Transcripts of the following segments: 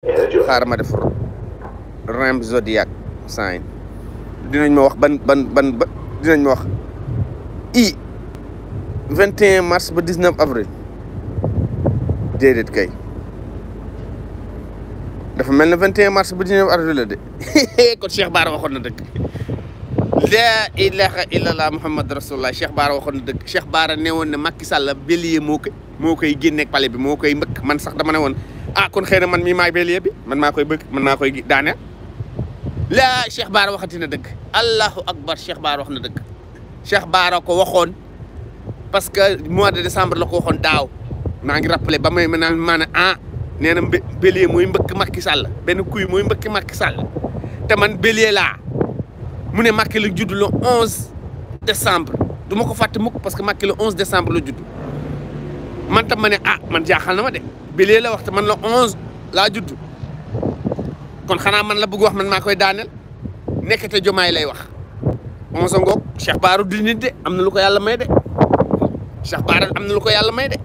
Eh, xaar ma def rim zodiac sign dinañ ma wax ban ban ban dinañ ma wax i 21 mars ba 19 avril déedéet kay dafa mel ne 21 mars ba 19 avril la de kon Cheikh Baara waxoon na dëgg laa ilaha illallah muhammad rasulullah Cheikh Baara waxoon na dëgg Cheikh Baara ne woon ne Macky Sall bélier moo ko moo koy génneeg palais bi moo koy mbëkk man sax dama ne woon ah kon xeyna man mi may bélier bi man makoy beug man makoy daane la Cheikh bar waxati na deug allahu akbar Cheikh bar waxna deug Cheikh bar ko waxone parce que mois de décembre la ko waxoon daaw maa ngi rappeler ba may man maana ah nee na bélier mooy Macky Sall ben kuy moy mbeuk Macky Sall te man bélier la mune Macky la judd le 11 décembre duma ko fatte mukk parce que Macky le 11 décembre la judd man tam ma ah man jaxal na ma de. bélier la wax te man la onze laa judd kon xanaa man la bëgg wax man maa koy daaneel nekkate jomaay lay wax onze ngoog Cheikh Baara du de am na lu ko yàlla may de Cheikh Baara am na lu ko yàlla may de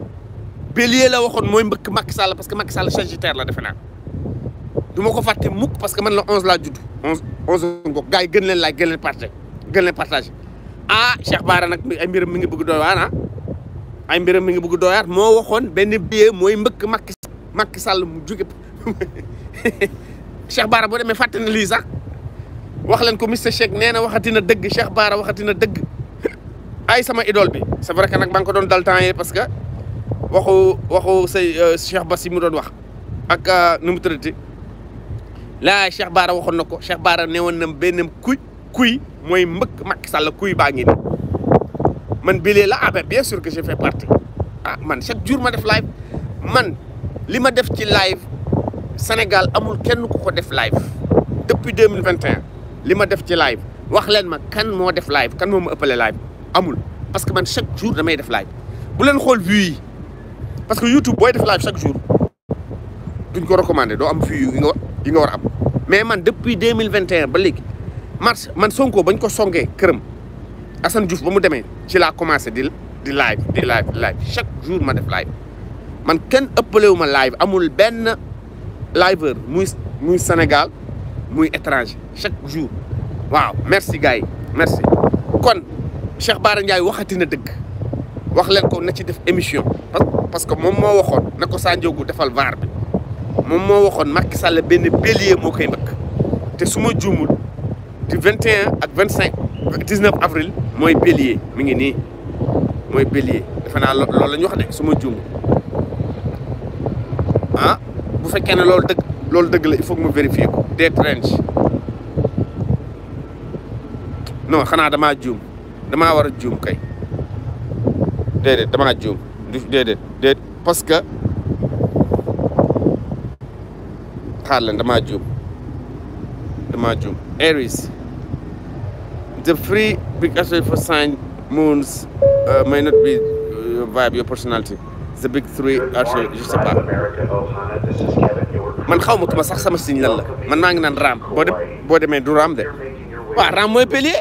bélier la waxoon mooy mbëkk Macky Sall parce que Macky Sall sagittaire la defe naa duma ko fàtte muk parce que man la onze laa judd onze onze ngoog gars gën leen laaj gën leen partagé gën leen partagé ah Cheikh Baara nag ay mbiram mi ngi bëgg doon waana ah. ay mbiram mi ngi bëgg dooyaat moo waxoon benn billet mooy mbëkk Macky Macky Sall mu jóge Cheikh Bara boo demee fàtte na lii sax wax leen ko Mister Cheikh nee na waxati dëgg Cheikh baara waxati na dëgg ay sama idole bi c'est vrai que nag maa ngi ko doon dal temps yi parce que waxu waxu say euh, Cheikh Bass yi mu doon wax ak euh, nu mu tëddati laa Cheikh Bara waxoon na ko baara Bara woon na benn kuy kuy mooy mbëkk makki salla kuy baa ngi nii man bilee la ah ben bien sûr que je fais partie ah man chaque jour ma def live man li ma def ci live Sénégal amul kenn ku ko def live depuis 2021, mille li ma def ci live wax len ma kan mo def live kan moo ma live amul parce que man chaque jour damay def live bu len xol vues parce que YouTube boy def live chaque jour duñ ko recommander do am vues yi nga yi nga war am mais man depuis 2021, ba léegi mars man Sonko bagn ko songee kërëm Assane Diouf ba mu demee ci commencé di di live di live live chaque jour ma def live man ken ëppalewu ma live amul benn liveur muy muis Sénégal muy étranger chaque jour waaw merci gars merci kon Cheikh barre Ndiaye waxati na deug. wax len ko na ci def émission parce que mom mo waxone na ko Sa defal var bi Mom mo waxone Macky Sall benn bélier mo koy mbëkk te suma djumul du 21 ak 25 19 avril moy pilier mi ngi ni moy pilier defe naa loolu la wax de suma djum ah bu fekkee ne lolou deug lolou deug la il faut que mu vérifier ko des détrange non xana dama djum dama wara djum kay déedéet dama djum du déedéet parce que xaar leen damaa juum damaa juum Aries the free big actually for sign moons uh, may not be your uh, vibe, your personality. The big three actually just about. man how much kuma sax sama signe lan la man maa ngi naan raam man do ram there? What ram we waaw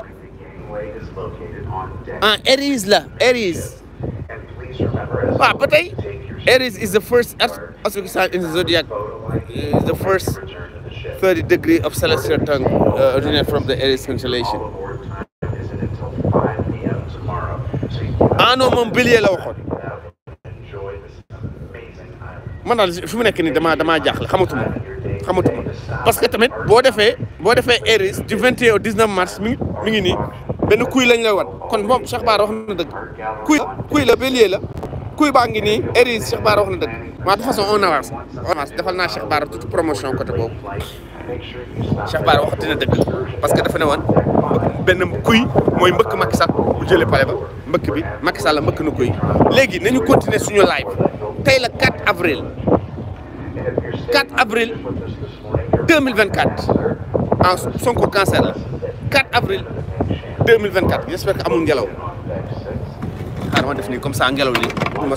ah Aries la Aries waaw ba tey Aries is the first astrological sign in the zodiac is the first 30 degree of celestial tongue uh, originated from the Aries constellation انو من بلي لو خد من في منك ني دما دما جاخل خموتو خموتو باسكو تامت بو ديفه بو ديفه ايريس دي 21 او 19 مارس ميغي ني بن كوي لاني لا وات كون موم شيخ بار واخنا دك كوي كوي لا بلي لا كوي باغي ني ايريس شيخ بار واخنا دك ما دفاصون اون افانس اون افانس دفالنا شيخ بار توت بروموسيون كوتو بوب Cheikh Bara wax dina dëgg parce que dafa ne woon benn kuy mooy mbëkk Macky Sall jële jëlee pale ba mbëkk bi Macky Sall la mbëkk na kuy léegi nañu continuer suñu live tey la 4 avril 4 avril 2024 en Sonko cancer la 4 avril 2024 j'espère que amul ngelaw xaaral ah, ma def nii comme ça ngelaw li du ma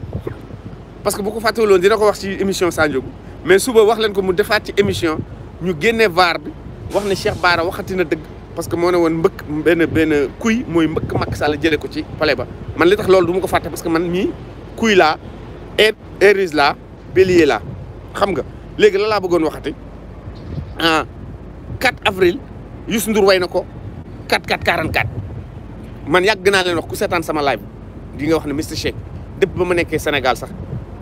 parce que bu ko fàttewuloon dina ko wax ci émission Sandiogou mais suba wax leen ko mu defaat ci émission ñu génne vaar bi wax ne Cheikh Bara waxati na dëgg parce que moo ne woon mbëkk benn benn kuy mooy mbëkk Macky Sall jëlee ko ci palais ba man li tax loolu du ko fàtte parce que man mii kuy laa et er, Eris laa bélier laa xam nga léegi la laa bëggoon waxati ah 4 avril Youssou Ndour way na ko 4 4 44 man yàgg naa leen wax ku seetaan sama live di nga wax ne Mister Shake dëpp nekkee Sénégal sax.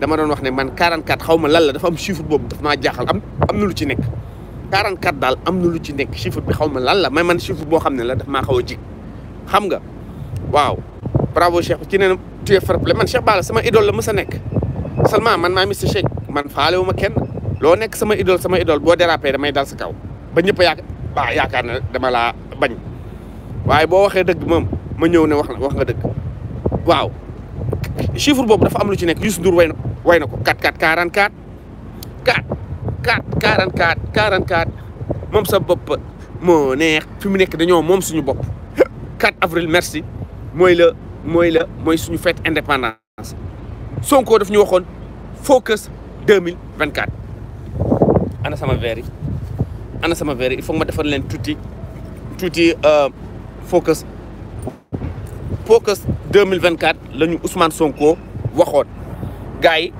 dama doon wax ne man 44 xaw ma lan la dafa am chiffre boobu daf maa jaaxal am am na lu ci nekk 44 daal am na lu ci nekk chiffre bi xaw ma lan la mais man chiffre boo xam ne la daf maa xaw a jig xam nga waaw bravo Cheikh ci nee na tu es fair man Cheikh Bara sama idole la mës a nekk seulement man maa Mister Shake man faalewu ma kenn loo nekk sama idole sama idole boo dérapé damay dal sa kaw ba ñëpp a yaaka ba yaakaar ne dama laa bañ waaye boo waxee dëgg moom ma ñëw ne wax wax nga dëgg chiffre boobu dafa am lu ci nekk Youssou Ndour way na way na ko 4 4 44 4 4 44 44 moom sa bopp moo neex fi mu nekk dañoo moom suñu bopp 4 avril merci mooy la mooy la mooy suñu fête indépendance Sonko daf ñu waxoon focus 2024 ana sama verre yi ana sama verre il faut ma defar leen tuuti tuuti euh, focus Focus 2024 lañu Ousmane Sonko waxoon gaay yi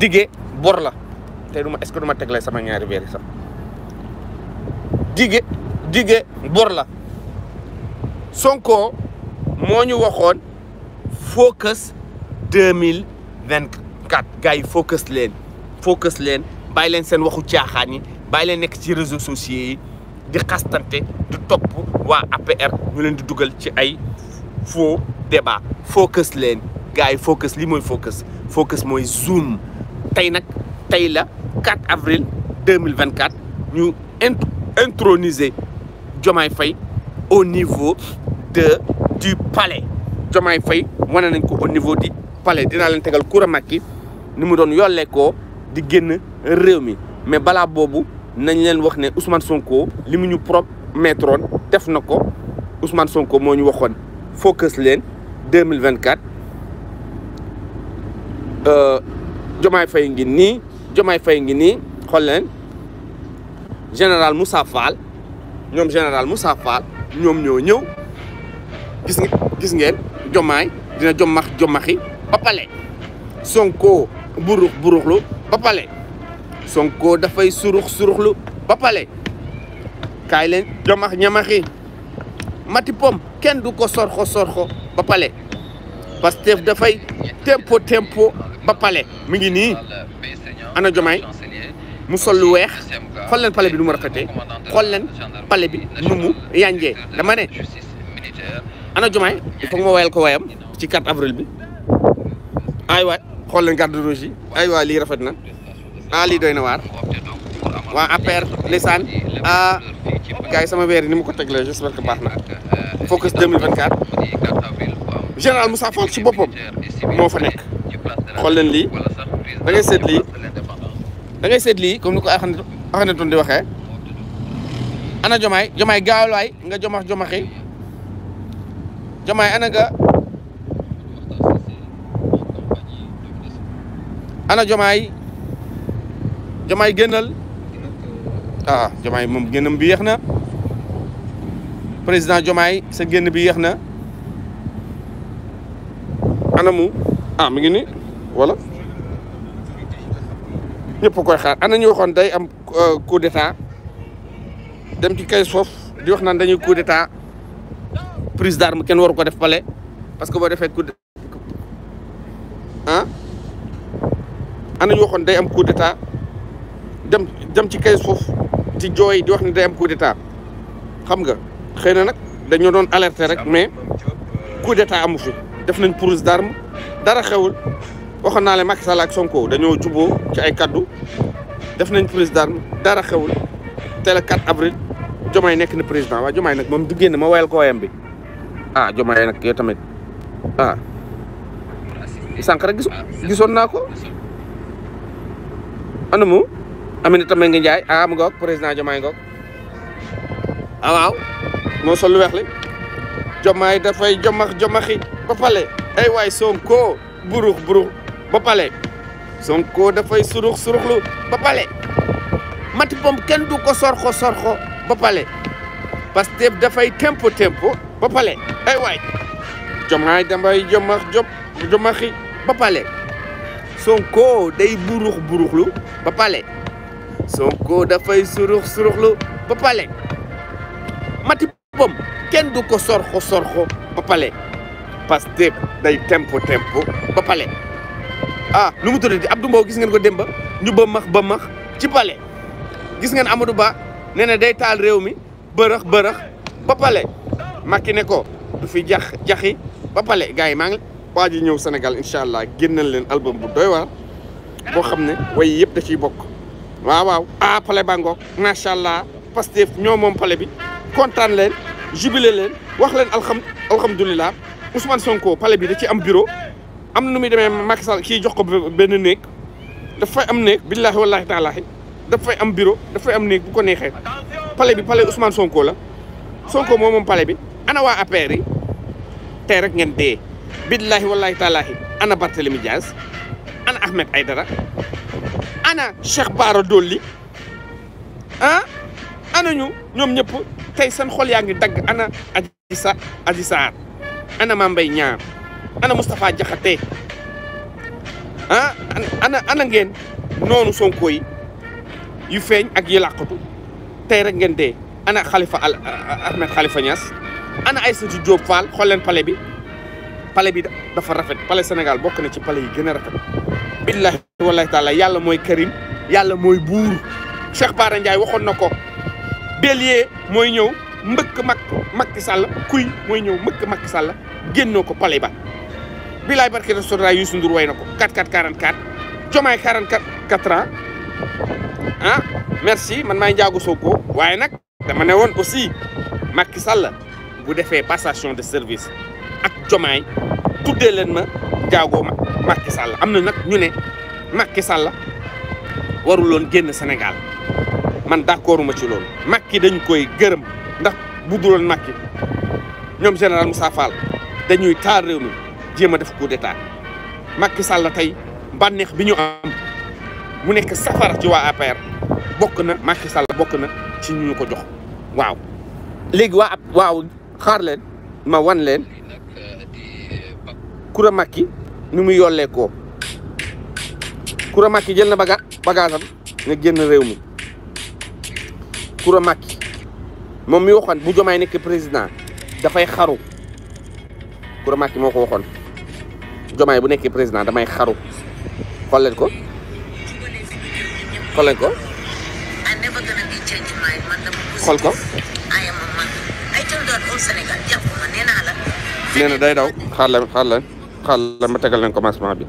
dige bor la tey duma est ce que du lay sama ñaari wéri sax dige dige bor la Sonko moñu waxoon focus 2024 gaay focus leen focus leen bay leen sen waxu caaxaan yi bàyyi leen nekk ci réseaux sociaux yi di xastante di top wa APR ñu leen di duggal ci ay faux débat focus leen gars focus li focus focus mooy zoom tey Taylor 4 avril 2024 Nous introniser Diomaye Fay au niveau de du palais Diomaye Fay moi nañ au niveau du palais nous l'intégral fait Coura nous ni mu donne l'écho koo di génn mais Bala Bobu, nañ avons wax Ousmane Sonko propre mu ñu promettroon def Ousmane Sonko moo ñu focus leen deux mille vingt quatre Jomaay euh, Fay ngi nii Jomaay Fay ngi nii xool leen général mussa Fall ñoom général Moussa Fall ñoom ñoo ñëw gis nga gis ngeen Jomaay dina jommax jommaxi ba pale Sonko burux buruxlu ba pale Sonko dafay surux suruxlu ba pale kaay leen jommax ñamaxi Mati Pom kenn du ko sorxo sorxo ba pale parce Pastef dafay tempo tempo ba pale mi ngi ni ana jomay mu sollu wex xol len pale bi nu mu rafetee xool leen pale bi nu mu yanjee dama né ana jomay il faut ma wayal ko wayam ci 4 avril bi ay wa xol len garde rouge yi ay wa li rafet na ali doyna war waa APR lisaan ah sama weer ni mu ko teglee j'espère que baax na focus 2024 général Moussa ci boppam moo fa nekk xool leen lii da ngay seet lii da ngay seet lii comme ni ko Akhenaton di waxee ana jomaay jomaay gaaw laay nga jomax jomaxi jomaay ana nga ana jomaay jomaay génnal ah Diomaye moom génnam bi yeex na président Diomaye sa génn bi yéex na anamu ah mi ngi ni wala ñëpp koy xaar ana ñu waxoon day am euh, coup d'état dem ci kay soof di wax naan dañuy coup d'état prise d'arme kenn waru ko def palais parce que boo defee coup d'état ah ana ñu waxoon day am coup d'état dem dem ci kay soof ci jooy di wax ne day am coup xam nga xëy na nag dañoo doon alerter rek mais coup d'état amu fi def nañ prise d'arme dara xewul waxoon naa leen Macky Sall ak Sonko dañoo juboo ci ay kaddu def nañ prise d'arme dara xewul te le 4 avril Diomaye nekk na président waaye Diomaye nag moom du génn ma woyal ko woyam bi ah Diomaye nag yow tamit ah sànq rek naa ko ana moom Aminata Mbengue Ndiaye ah mu ngoog président Diomaye ngoog ah waaw moo sol lu weex li dafay jomax jomaxi ba pale ay waay Sonko burux burux ba pale Sonko dafay surux suruxlu ba pale Mati Pomp kenn du ko sorxo sorxo ba pale Pastef dafay tempo tempo ba pale ay waay Diomaye dafay jomax jom jomaxi ba pale Sonko day burux buruxlu ba Sonko dafay surux suruxlu ba pale mati bom kenn du ko sorxo sorxo ba pale Pastef day tempo tempo ba pale ah lu mu tuddati Abdou Mbow gis ngeen ko démba ñu ba max ba max ci pale gis ngeen Amadou Ba nee na day taal réew mi bërëx bërëx ba pale Macky ne ko du fi jax jaxi ba gaa yi maa ngi waa ji ñëw Sénégal incha allah génnal leen album bu doy waar boo xam ne way yëpp da ciy bokk waaw waaw ah pale bangoog macha allah Pastef ñoo moom pale bi kontaan leen jubile leen wax leen alxam alhamdulilah Ousmane Sonko pale bi da am bureau am nu muy demee Macky Sall kii jox ko benn néeg dafay am néeg billaahi wallaahi taalaahi dafay am bureau dafay am néeg bu ko neexee pale bi pale Ousmane Sonko la Sonko moo moom pale bi ana waa APR te rek ngeen dee billaahi wallaahi taalaahi ana Barthélémy Dias ana Ahmed dara ana Cheikh Bara Dolly ah ana ñu ñoom ñëpp tey seen xol yaa ngi dagg ana Adji Sarr Adji Sarr ana Mame Mbaye Niang ana Moustapha Diakhaté ah ana ngeen noonu Sonko yi yu feeñ ak yi làqatu tey rek ngeen dee ana Khalifa al Ahmed Khalifa Niass ana Aïssatou Diop Fall xool leen palais bi palais bi dafa rafet palais Sénégal bokk na ci palais yi gën rafet billahi subhaanahu wa taala yàlla mooy karim yàlla mooy buur Cheikh Bara Ndiaye waxoon na ko bélier mooy ñëw mbëkk mak Macky Sall kuy mooy ñëw mbëkk Macky Sall génnoo ko palais ba bilaay barke restaurant Youssou Ndour way na ko 44 44 jomaay 44 4 ans ah merci man maay njaago Sonko waaye nag dama ne woon aussi Macky Sall bu defee passation de service ak jomaay tuddee leen ma njaago Macky Sall am na nag ñu ne Macky Sall waruloon génn Sénégal man d'accorduma ci loolu Macky dañ koy gërëm ndax bu duloon Macky ñoom général Moussa dañuy taal réew mi jéem a def coup d'état Macky Sall tey bànneex bi ñu am mu nekk safara ci waa APR bokk na Macky Sall bokk na ci ñu ñu ko jox waaw léegi waa waaw xaar leen ma wan leen kura Macky ni mu yollee ko Coura Macky jël na baga bagage am nga génn réew mi Coura Macky moom mi waxoon bu Diomaye nekk président dafay xaru Coura Macky moo ko waxoon Diomaye bu nekkee président damay xaru xool leen ko xool ko xool ko nee na day daw xaar leen xaar leen xaar leen ma tegal leen commencement bi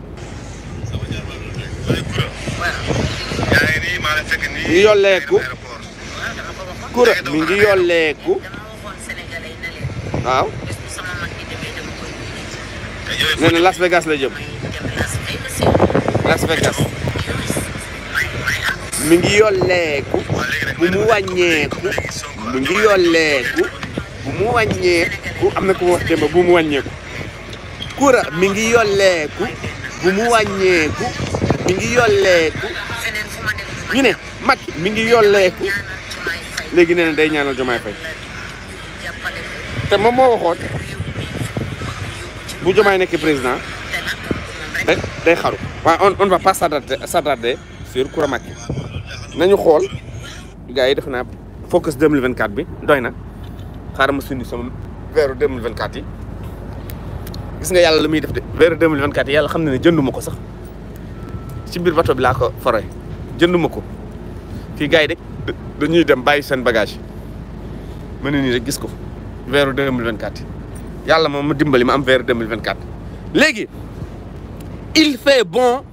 ngi yolleeku kura mi ngi yolleeku waaw nee na Las Vegas la jëm Las Vegas mi ngi yolleeku bu mu wàññeeku mi ngi yolleeku bu mu wàññeeku am na ku wax démb bu mu wàññeeku kura mi ngi yolleeku bu mu wàññeeku mi ngi yolleeku ñu ne Macky mi ngi yolleeku léegi nee na day ñaanal Diomaye Faye te moom moo waxoon bu Diomaye nekk président day day xaru waaye on on va pas s'attarder s'attarder sur Coura Macky nañu xool gaa yi def naa focus 2024 bi doy na xaaral ma suñu sama weeru 2024 yi gis nga yàlla lu muy def de weeru 2024 yi yàlla xam na ne jënduma ko sax si biir bato bi laa ko foroy jënduma ko kii gars yi rek dañuy dem bàyyi seen bagage ma ne nii rek gis ko weeru 2024 yàlla moom ma dimbali ma am de weeru 2024 léegi il fait bon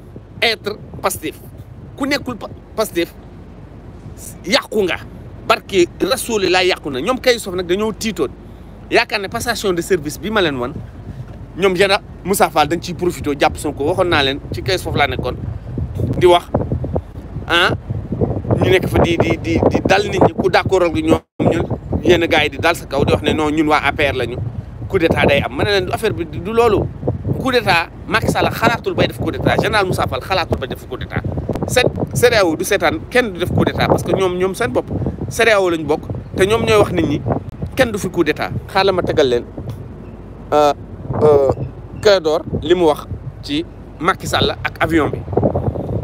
être Pastef ku nekkul Pastef yàqu nga barke rasooli laa yàqu na ñoom kay sof nag dañoo tiitoon yaakaar ne passation de service bi ma leen wan ñoom yéen Moussa Fall dañ ciy profité jàpp ko waxoon naa leen ci kay sof laa nekkoon di wax ah ñu nekk fa di di di di dal nit ñi ku d'accordal gi ñoom ñun yenn gars yi di dal sa kaw di wax ne non ñun waa APR lañu coup d'état day am ma ne leen affaire bi du loolu coup d'état Macky Sall xalaatul bay def coup d'état général Moussa Fall xalaatul bay def coup d'état set CEDEAO du seetaan kenn du def coup d'état parce que ñoom ñoom seen bopp CEDEAO lañ bokk te ñoom ñooy wax nit ñi kenn du fi coup d'état xaaral ma tegal leen Clédor euh, euh, li mu wax ci Macky Sall ak avion bi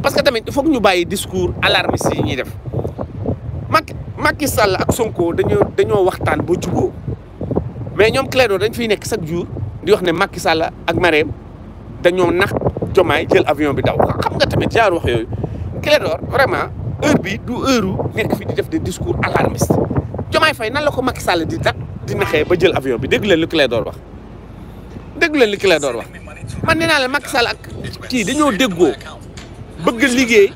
parce que tamit foog ñu bayyi discours alarmiste yi ñi def mak Macky Sall ak Sonko dañu dañu waxtaan ci bo mais ñom clédo dañ fi nekk chaque jour di wax ne Macky Sall ak dañu nax jomay jël avion bi daw xam nga tamit jaar wax yoy clédo vraiment heure bi du heureu nekk fi di def des discours alarmiste jomay fay nan la ko Macky Sall di tak di naxee ba jël avion bi dégg leen clédo wax dégg leen clédo wax man nee naa Sall ak ki dañu bëgg liggéey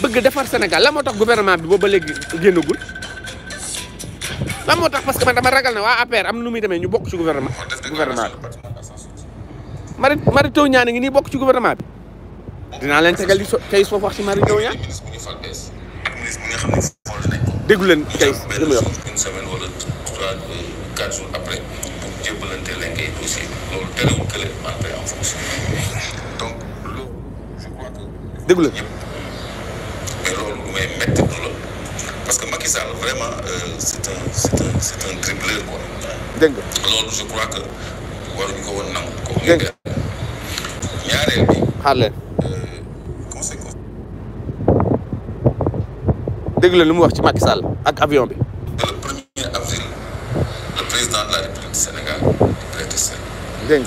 bëgg defar Sénégal la motax gouvernement bi ba légui gënugul la motax parce que man dama ragal na wa APR am nu mi démé ñu bok ci gouvernement gouvernement bi Mary taw ñaan Niane ngi nii bokk ci gouvernement bi dina leen tégal li kay so wax ci Mary taw ñaan déglu leen Kayz wax une semaine wala jours après pour en fonction mais parce que Macky Sall vraiment euh, c'est un c'est un c'est un dribbleur Alors, je crois que waruñu ko euh, Macky Sall avion euh, le premier avril le président de la République du Sénégal le 2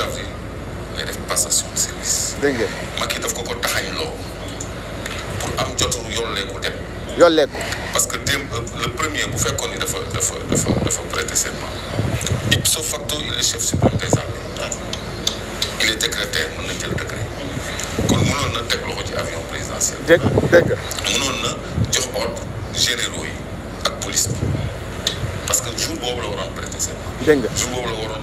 avril. passation de service. dégg ngeen. Macky ko ko taxañ loo pour am jotu yolleeku dem. yolleeku. parce que démb euh, le premier bu fekkoon ni dafa dafa dafa dafa prêter serment il est chef suprême na jël décret kon mënoon na teg loxo ci avion présidentiel. dégg dégg. mënoon na jox ordre généraux yi ak police parce que jour la waroon prêter serment. dégg nga la waroon.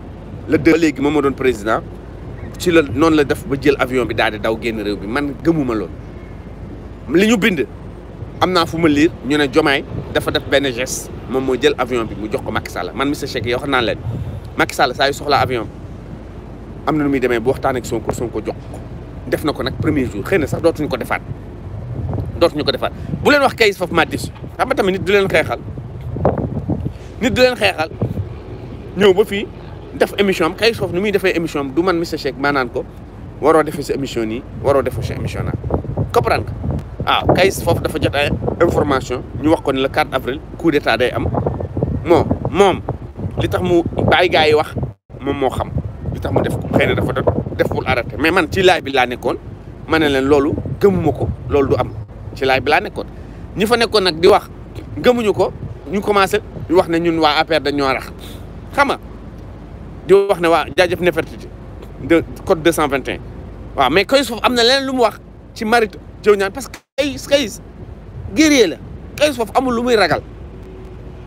le léegi moom moo doon président ci la noonu la def ba jël avion bi daal di daw génn réew bi man gëmuma loolu li ñu bind am naa fu ma liir ñu ne Jomaay dafa def benn geste moom moo jël avion bi mu jox ko Macky Sall man monsieur Cheikh yow xam naa leen Macky Sall saa yu soxlaa avion am na nu muy demee bu waxtaan ak Sonko Sonko jox def na ko nag premier jour xëy na sax dootuñu ko defaat dootuñu ko defaat bu leen wax kayis foofu ma dis xam tamit nit du leen xeexal nit du leen xeexal ñëw ba fii. def émission am kay soof nu muy defee émission am du man Mister Shake maa naan ko waroo defee si émission nii waroo defee sa émission naa comprendre nga waaw ah, kay foofu dafa jot ay information ñu wax ko ni le 4 avril coup d'état day am moo moom li tax mu bàyyi gars yi wax moom moo xam li tax mu def ko xëy na dafa def pour arrêter mais man ci laaj bi laa nekkoon ma ne leen loolu gëmuma ko loolu du am ci laaj bi laa nekkoon ñi fa nekkoon nag di wax gëmuñu ko ñu commencé wax ne ñun waa APR dañ ñoo di wax ne waa jaajëf Nefertiti de code 221 waaw mais Kayz Fof am na leneen lu mu wax ci Mary Teuw Niane parce que Kayz Kayz guerrier la Kayz amul lu muy ragal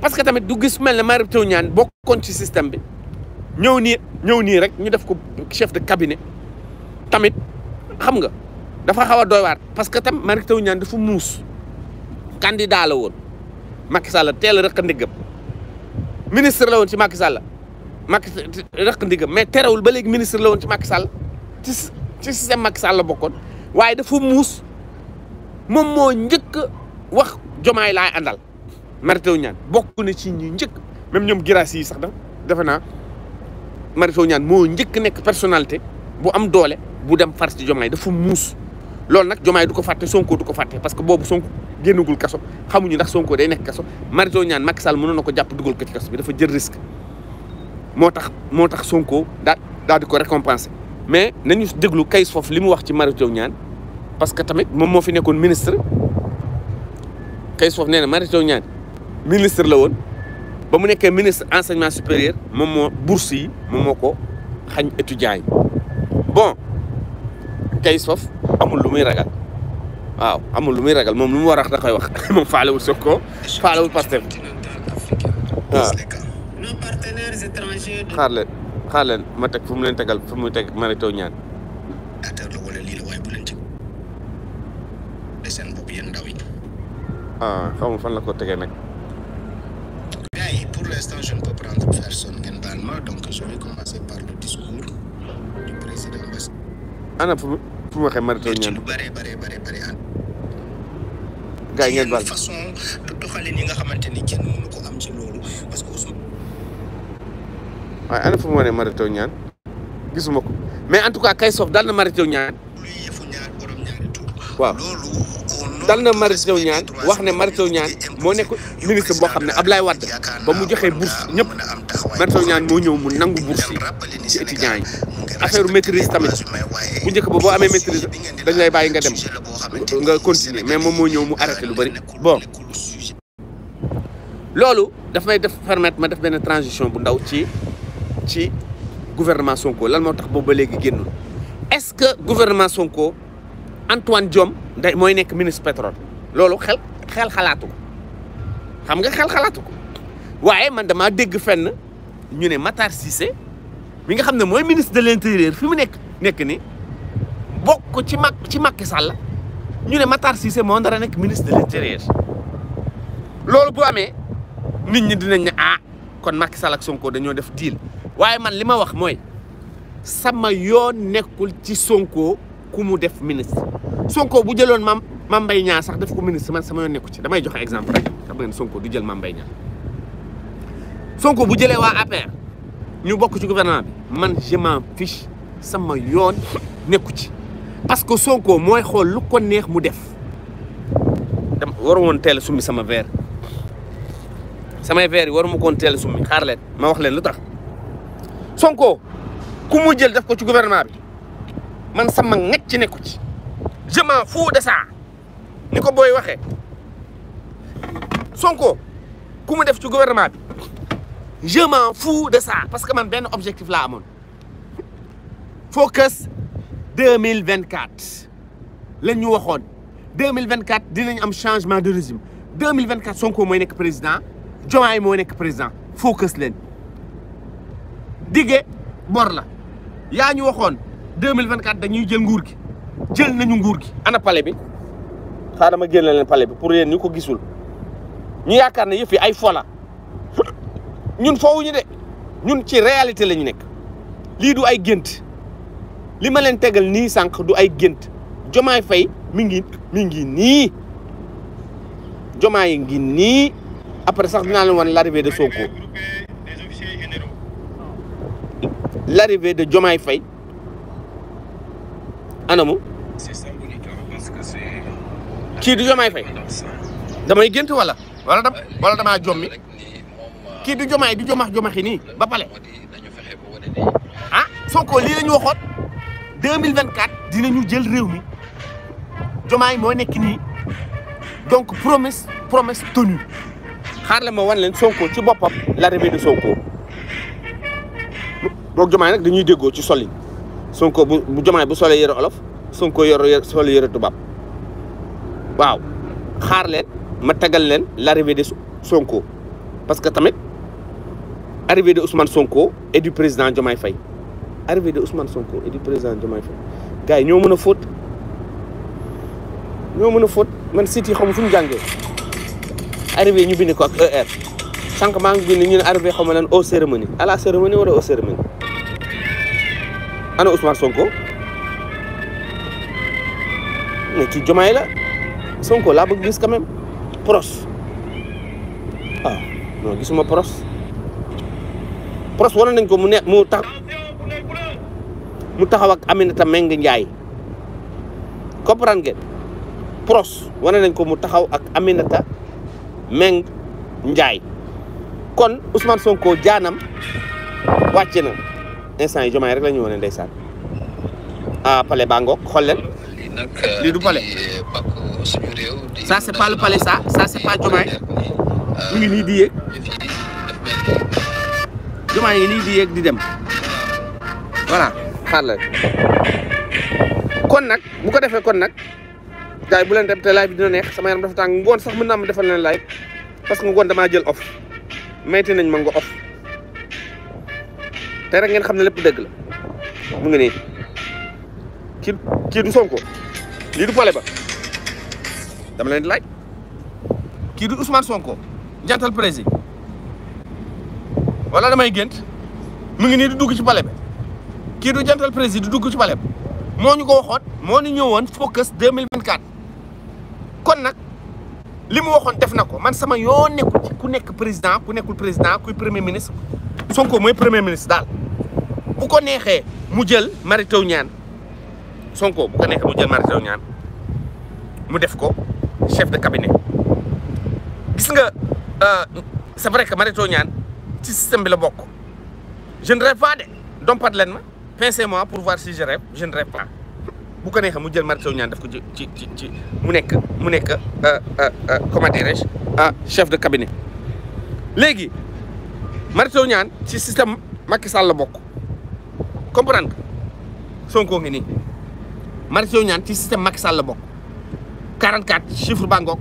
parce que tamit du gis mel ne Mary Teuw Niane bokkoon ci système bi ñëw nii ñëw nii rek ñu def ko chef de cabinet tamit xam nga dafa xaw a doy waar parce que tam Mary ñaan Niane dafa muus candidat la woon Macky Sall teel a rëq ndigam ministre la woon ci Macky la Macky rëq ndigam mais terewul ba léegi ministre la woon ci Macky Sall ci ci système Macky Sall la bokkoon waaye dafa muus moom moo njëkk wax jomaay laay àndal Mary Teuw Niane na ci ñu njëkk même ñoom grâce yi sax da defe naa Mary Teuw Niane moo personnalité bu am doole bu dem far ci jomaay dafa muus loolu nag jomaay du ko fàtte Sonko du ko fàtte parce que boobu Sonko génnagul kaso xamuñu ndax Sonko day nekk kaso Mary Teuw Macky Sall mënoon na ko jàpp ko ci kaso bi dafa jël risque moo tax moo tax Sonko daa daal di ko récompenser mais nañu déglu kayis foofu li mu wax ci Mary Teuw Niane parce que tamit moom moo fi nekkoon ministre kayis foofu nee na Mary Teuw Niane ministre la woon ba mu nekkee ministre enseignement supérieur moom moo bourse yi moom moo ko xañ étudiants yi bon kayis foofu amul lu muy ragal waaw amul lu muy ragal moom lu mu war a wax da koy wax moom faalewul Sonko faalewul Pastef waaw nos partenaires xaar leen ma teg fu mu leen tegal fu mu teg ma ñaan. attaque la wala ah, fan la ko tegee nag. gars yi donc je vais commencer par le discours du président ana fu mu waxee ma ne ah. yi ngeen baal façon doxalin yi nga xamante ni kenn mënu ko am ci loolu parce que. waaye ana fu mu wane Mary Teuw Niane gisuma ko mais en tout cas kay sof dal na Mary Teuw Niane waaw dal na Mary Teuw Niane wax ne Mary Teuw Niane moo nekk ministre boo xam ne ab Ablaye Wade ba mu joxee bourse ñëpp Mary Teuw Niane moo ñëw mu nangu bourse yi ci étudiants yi affaire maîtrise tamit bu njëkk ba boo amee maîtrise dañ lay bàyyi nga dem nga continuer mais moom moo ñëw mu arrêté lu bëri bo loolu daf may def permettre ma def benn transition bu ndaw ci ci gouvernement Sonko lan moo tax boobu ba est-ce que gouvernement Sonko Antoine Diome day mooy nekk ministre pétrole loolu xel xel xalaatu ko xam nga xel xalaatu ko waaye man damaa dégg fenn ñu ne Matar Cissé mi nga xam ne ministre de l'intérieur fi mu nekk nekk ni bokk ci Mack ci Macky Sall ñu ne Matar Cissé moo dara n'ek ministre de l'intérieur loolu bu amee nit ñi dinañ ne ah kon Macky Sall ak Sonko dañoo def deal waaye man li ma wax mooy sama yoon nekkul ci Sonko ku mu def ministre Sonko bu jëloon mam Mame Mbaye sax def ko ministre man sama yoon nekku ci damay joxe exemple rek xam ngeen sonkoo du jël Mame Mbaye Niang Sonko bu jëlee waa APR ñu bokk ci gouvernement man je m'en sama yoon nekku ci parce que Sonko mooy xool lu ko neex mu def dama waru woon teel a summi sama verre sama verre yi waru ma koon teel a summi xaar ma wax leen lu tax Sonko comment tu def ko ci gouvernement bi man sama je m'en fous de ça niko boy booy Sonko ku def ci gouvernement bi je m'en fous de ça parce que man un objectif là, mon focus 2024. 2024! waxone y a un changement de régime 2024, Sonko, Sonko moy nek président Je suis nek président focus len dige bor la yaa ñu waxoon deux mille vingt quatre dañuy jël nguur gi jël nañu nguur gi. ana palais bi xaaral ma génne leen pale bi pour yéen ñu ko gisul ñu yaakaar ne yëf yi ay fola ñun foofu ñu de ñun ci réalité la nekk lii du ay gént li ma leen tegal nii sànq du ay gént jomaay fay mi ngi mi ngi nii jomaay ngi nii après sax dinaa leen wan l'arrivée de Sonko. l'arrivée de Jomai Faye anamu. c'est symbolique parce hein. que c'est. Qui du Je Faye. damay voilà wala. wala euh, jommi. du du jomax Jomai, ba pale. ah Sonko la ñu 2024, deux mille vingt dinañu jël mi Jomai, donc promesse promesse tenue ma wan Sonko ci l'arrivée de Sonko. boog jomaay nag dañuy déggoo ci solin Sonko bu bu jomaay bu sole yëre olof Sonko yor sole yëre tubaab waaw xaar leen ma tegal leen l'arrivée de Sonko parce que tamit arrivée de Ousmane Sonko et du président Diomaye fay arrivée de Ousmane Sonko et du président Diomaye Faye gars yi ñoo mën a fóot ñoo mën a fóot man sites yi xaw ma fu ñu jàngee arrivée ñu bind ko ak ER sànq maa ngi bind ñu ne arrivée xaw ma lan au cérémonie à la cérémonie wala au cérémonie ana Ousmane Sonko ne ci Songko la Sonko la bëgg gis quand même pros ah no gisuma pros pros wala nañ ko mu ne mu tax mu taxaw ak Aminata meng Ndiaye comprendre pros wala nañ ko mu taxaw ak Aminata meng kon Ousmane Sonko janam wàcce instant yi jomaay rek la ñu wane ndeysaan ah palais baa ngoog xool leen lii du euh, palais ça c'est pas le palais ça ça c'est pas jomaay euh, nii di yéeg jomaay ngi nii di yéeg di dem voilà xaar la kon nag bu ko defee kon nag gars bu leen dem te live bi dina neex sama yaram dafa tàng ngoon sax mën naa ma defal leen parce que ngoon damaa jël off mayti nañ ma nga off te rek ngeen xam ne lépp dëgg la mu ngi nii kii kii du Sonko lii du pale dama leen di laaj kii du Ousmane Sonko jantal président wala damay gént mu ngi nii du dugg ci pale ba kii du jantal président du dugg ci pale ba moo ñu ko waxoon moo ñu ñëwoon focus 2024 kon nag li mu waxoon def na ko man sama yoo nekku ci ku nekk président ku nekkul président kuy premier ministre Sonko mooy premier ministre daal bu ko neexee mu jël Mary Teuw Niane Sonko bu ko neexee mu jël Mary Teuw mu def ko chef de cabinet gis nga euh, c'est vrai que Mary Teuw Niane ci système bi la bokk je ne rêve pas de dompat leen ma pincez-moi pour voir si je rêve je ne pas bu ko neexee mu jël Mary Teuw Niane def ko ci ci ci ci mu nekk mu nekk comment dirais-je chef de cabinet légui Mary Teuw ci système Macky Sall la bokk comprendre nga Sonko ngi ni Mary Teuw ci système Macky Sall la bokk 44 chiffre bangok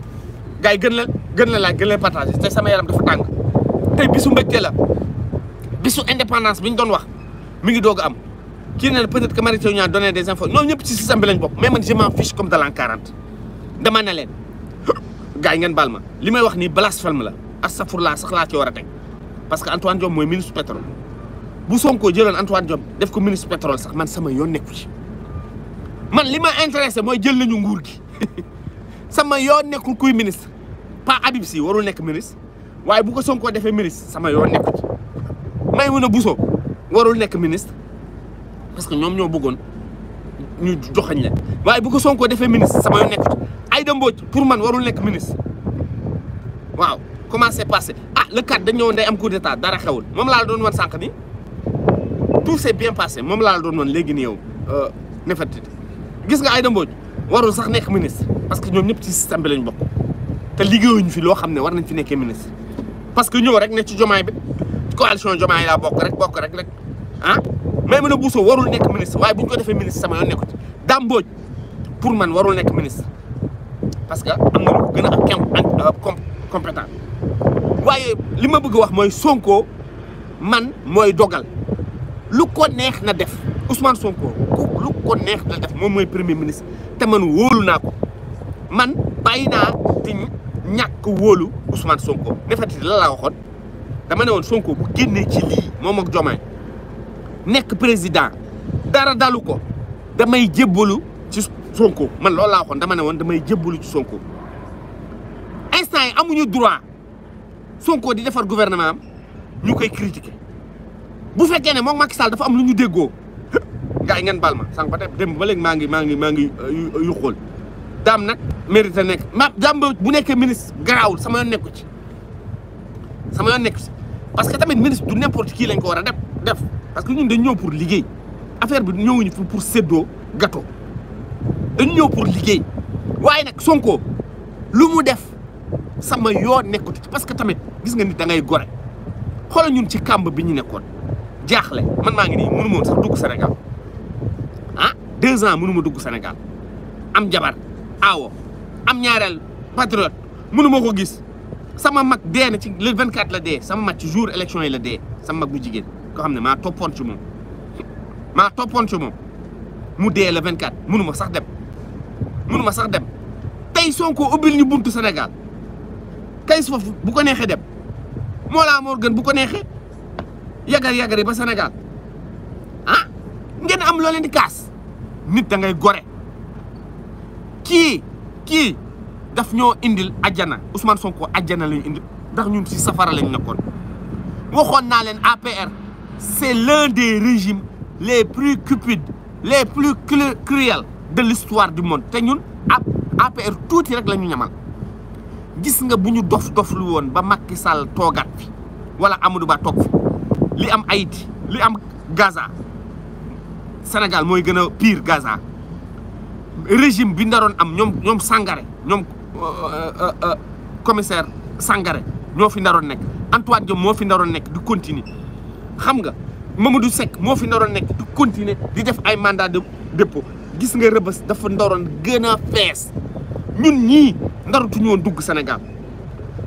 gay gën la gën la laaj gën la partager té sama yaram dafa tang té bisu mbégte la bisu indépendance biñ doon wax mi ngi doog am kii ne peut-être que Mary Teuw Niane donné des infos ñëpp ci système bi lañ bokk man je m'en comme de l'an 40 dama ne leen gars yi ngeen baal ma li may wax nii blasphème la astafurlaa sax laa ci war a teg parce que Antoine Diome mooy ministre pétrole bu Sonko jëloon Antoine Diome def ko ministre pétrole sax man sama yoo nekku man li ma intéressé mooy jël nañu nguur gi sama yoon nekkul kuy ministre pa Habib Sy warul nekk ministre waaye bu ko sonkoo defee ministre sama yoon nekku ci Maimouna Bousso warul nekk ministre parce que ñoom ñoo bëggoon ñu joxañ leen waaye bu ko Sonko defee ministre sama yoon nekk Aïda Mbodj pour man warul nekk ministre waaw comment c'est passé ah le cadre dañ ñëwoon day am coup d'état dara xewul moom laa doon wan sànq ni tout s'est bien passé moom laa la doon wan léegi ni yow euh, Nefertiti gis nga ay Mbodj warul sax nekk ministre parce que ñoom ñëpp ci système bi lañ bokk te liggéeyuñ fi loo xam ne war nañ fi nekkee ministre parce que ñëw rek ne ci jomaay bi coalition jomaay laa bokk rek bokk rek rek ah man Maimouna Bousso warul nekk ministre waaye bu ñu ko defee ministre sama yoon nekku ci pour man warul nekk ministre parce que am na lu gën a ak euh, compétent waaye li ma bëgg wax mooy sonkoo man mooy dogal lu ko neex na def Ousmane Sonko lu ko neex na def moom mooy premier ministre te man wóolu naa ko man bàyyi naa di ñàkk wóolu Ousmane Sonko ne fa la laa waxoon dama ne woon Sonko bu génnee ci lii moom ak Diomaye nekk président dara dalu ko damay jébbalu ci Sonko man loolu laa waxoon dama ne woon damay jébbalu ci Sonko instant yi amuñu droit Sonko di defar guvernement am ñu koy critiquer bu fekkee ne moom Macky Sall dafa am lu ñu déggoo gars yi ngeen baal ma sànq ba tey dem ba léegi maa ngi maa ngi maa ngi euh, yu xool daam nag mérite nekk ma daam bu nekkee ministre garaawul sama yoon nekku ci sama yoon nekku parce que tamit ministre du n'importe kii lañ ko war a def def parce que ñun dañ ñëw pour liggéey affaire bi ñëwuñu fi pour séddoo gâteau dañ ñëw pour liggéey waaye nag Sonko lu mu def sama yoon nekkut ci parce que tamit gis nga nit da ngay gore xoolal ñun ci kàmb bi ñu nekkoon jaaxle man maa ngi nii mënu ma woon sax dugg Sénégal ah ans mënu dugg Sénégal am jabar aawo am ñaareel patriote mënu ma ko gis sama mag dee ci le 24 la dee sama mag ci jour élection yi la dee sama mag bu jigéen. ko xamne ma maa toppoon ci moom maa toppoon ci mom mu dé le 24 munuma sax dem munuma sax dem tay Sonko ubil ni buntu Sénégal kayis fofu bu ko nexé dem mor gën bu ko nexé yagar yagar ba Sénégal ah ngeen am lo len di kaas nit da ngay gore ki ki, daf ñoo indil aljana Ousmane Sonko aljana lañu indil ndax ñun ci safara lañ nekkon waxon na len APR c'est l'un des régimes les plus cupides les plus cruels de l'histoire du monde Et ñun APR la ñamal gis nga dof ba wala Amadou Ba am Haïti li am Gaza Sénégal est le pire Gaza régime bi am Sangaré euh, euh, euh, commissaire Sangaré fi Antoine ont fi continuer xam nga du Seck moo fi naroon nekk du continuer di def ay mandat de dépôt gis nga rëbës dafa ndoroon gën a fees ñun ñii ndarutuñu woon dugg senegal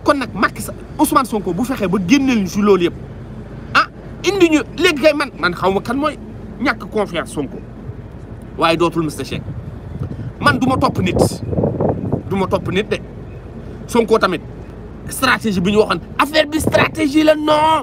kon nag Macky Sall Ousmane Sonko bu fexee ba génneel ñu si loolu yëpp ah indi ñu léegi kay man man xaw ma kan mooy ñàkk confiance Sonko waaye dootul Mister Shake man duma topp nit du topp nit de Sonko tamit stratégie bi ñu waxoon affaire bi stratégie la non.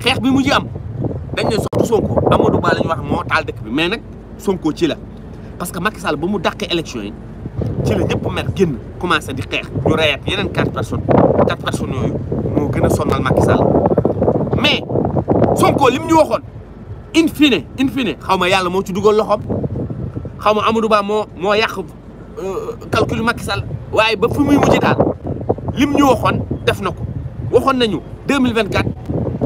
xeex bi mu ji am dañ ne soxna Sonko Amadou Ba la ñu wax moo taal dëkk bi mais nag sonkoo ci la parce que Macky Sall ba mu dàqee élection yi ci la ñëpp mer génn commencé di xeex ñu reyaat yeneen quatre personnes quatre personnes moo gën a sonnal Macky Sall mais Sonko lim ñu waxoon in fine in xaw ma yàlla moo ci dugal loxoom xaw ma Amadou moo moo yàq euh, calcul Macky waaye ba fu muy mujj daal lim ñu waxoon def na ko waxoon nañu 2024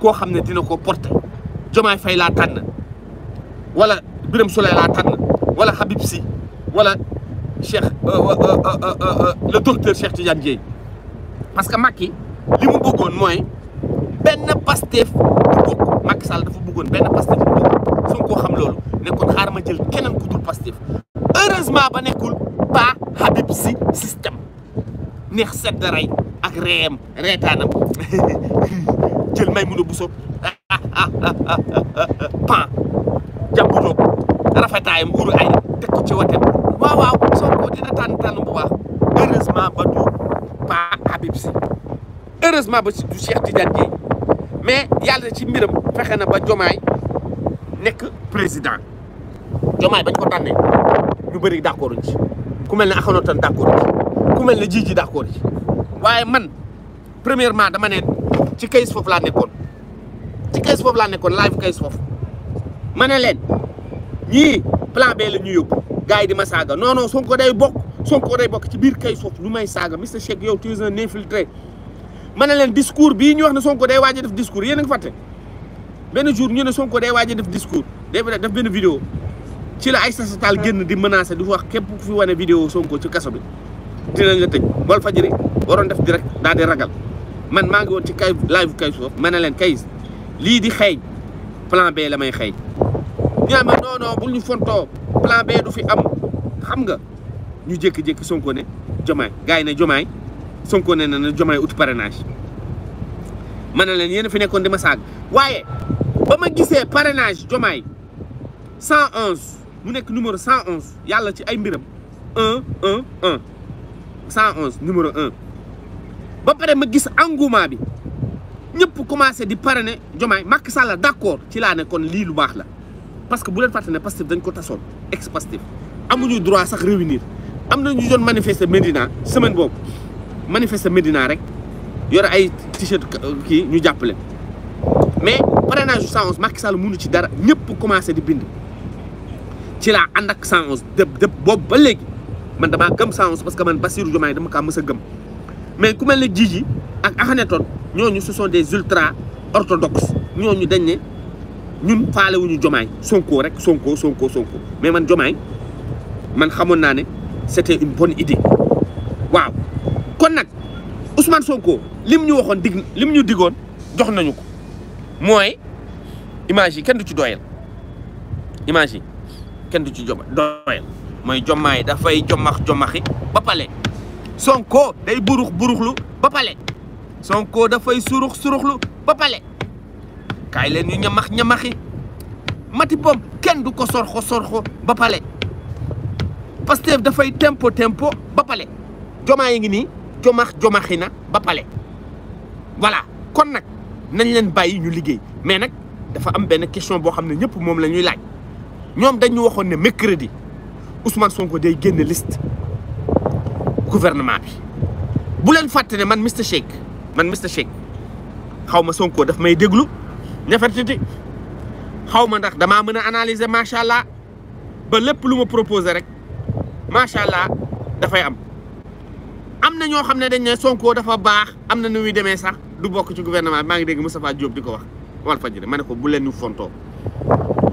koo xam ne dina ko porter Diomaye Faye laa tànn wala Birame Souleye laa tànn wala Habib Sy wala Cheikh le docteur Cheikh Tidiane Dièye parce que Macky li mu bëggoon mooy benn Pastef du bokk Macky Sall dafa bëggoon benn Pastef du bokk Sonko xam loolu ne kon xaar ma jël keneen ku dul Pastef heureusement ba nekkul pas Habib Sy système neex sedd rey ak reem reetaanam jël Maimouna Bousso pan jàpp jóg rafetaayam nguuru ay teg ko ci watem waaw waaw Sonko dina tànn tànn bu baax heureusement ba du pas Habib heureusement ba du Cheikh Tidiane Dièye mais yàlla ci mbiram fexe na ba Jomaay nekk président Jomaay bañ ko tànnee ñu bëri d'accord ci ku mel ne Akhenaton d'accord ci ku mel ne Jiji d'accord ci waaye man premièrement dama ne ci kayis foofu laa nekkoon ci kayis foofu laa nekkoon live kayis foofu ma ne leen ñii plan B la ñu yóbbu gars yi di ma saaga noonoo non Sonko day bokk Sonko day bokk ci biir kayis foofu lu may saaga Mister Shake yow tu es un infiltré ma ne leen discours bii ñu wax ne Sonko day waaj def discours yéen a ngi fàtte benn jour ñu ne Sonko day waaj def discours day def benn vidéo ci la Aïssata Tall génn di menacer di wax képp ku fi wane vidéo sonkoo ci kaso bi dinañ la tëj Walfadjri waroon def direct daal di ragal. man maa ngi woon ci kay live kay suuf ma leen kay lii di xeeñ plan B la may xeeñ ñu ma bul ñu fontoo plan B du fi am xam nga ñu jékki-jékki Sonko ne Jomaay gars yi ne Jomaay Sonko ne na Jomaay ut parrainage ma ne leen yéen a fi nekkoon di ma saag waaye ba ma gisee parrainage Jomaay 111 mu nekk numéro 111 yàlla ci ay mbiram 1 1 1 111 numéro 1. ba paré ma gis engouement bi ñepp commencé di parrainer Diomaye Macky Sall d' accord ci la né kon li lu bax la parce que bu len faté né Pastef dañ ko tassol ex Pastef amuñu droit sax revenir am na ñu doon manifester Medina semaine boobu manifester Medina rek yor ay t-shirt ki ñu jappalé mais parrainage 111 Macky Sall mënu ci dara ñepp commencé di bind ci la andak 111 deb deb boobu ba légui man dama gëm 111 parce que man basirou jomay dama ka mësa gëm. mais comme les dji'ji et ce sont des ultra orthodoxes nous dañ dit ñun nous Sonko rek Sonko mais man man c'était une bonne idée waaw kon Ousmane Sonko lim ñu waxoon dig lim ñu digoon jox nañu ko imagine imagine imagine, du ci Imagine, Sonko day burux buruxlu ba pale da fay surux suruxlu ba pale kaay leen ñu ñamax ñamaxi Mati Pom kenn du ko sorxo sorxo ba pale da fay tempo tempo ba pale jomaa yi ngi ni jomax jomaxina na ba pale voilà kon nak nañ len bayyi ñu liggéey mais nak dafa am ben question bo xam ñepp mom moom la ñuy laaj ñom dañ ñu waxone mercredi Ousmane Sonko day génn liste gouvernement bi bu leen fàtte ne man Mister Shake man Mister Shake xaw ma Sonko daf may déglu Nefertiti xaw ma ndax damaa mën a analyser macha allah ba lépp lu ma proposé rek macha allah dafay am. am na ñoo xam ne dañ ne sonkoo dafa baax am na nu muy demee sax du bokk ci gouvernement bi maa ngi dégg Moustapha Diop di ko wax Walf Fadjri ma ne ko bu leen ñu fontoo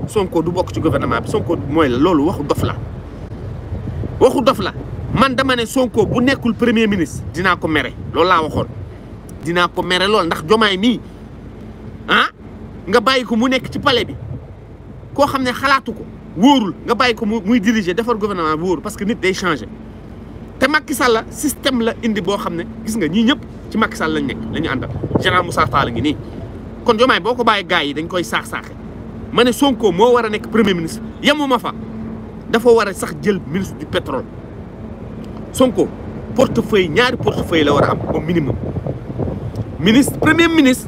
Sonko du bokk ci gouvernement bi Sonko mooy la loolu waxu dof la waxu dof la. man dama ne Sonko bu nekul premier ministre dina ko mere loolu la waxone dina ko mere lool ndax jomay mi, ah nga bayiko mu nek ci palais bi ko xam ne worul ko nga bayiko muy diriger defar gouvernement wor parce que nit day changer te Macky Sall système la indi bo xam gis nga ñi ñep ci Macky Sall lañ nek lañu andal général Moussa Fall ngi ni kon jomay boko ko gaay yi dañ koy sax saaxe mané Sonko mo wara nek premier ministre yamuma fa dafa wara sax jël ministre du pétrole Sonko portefeuille ñaari portefeuille la war a am au minimum ministre premier ministre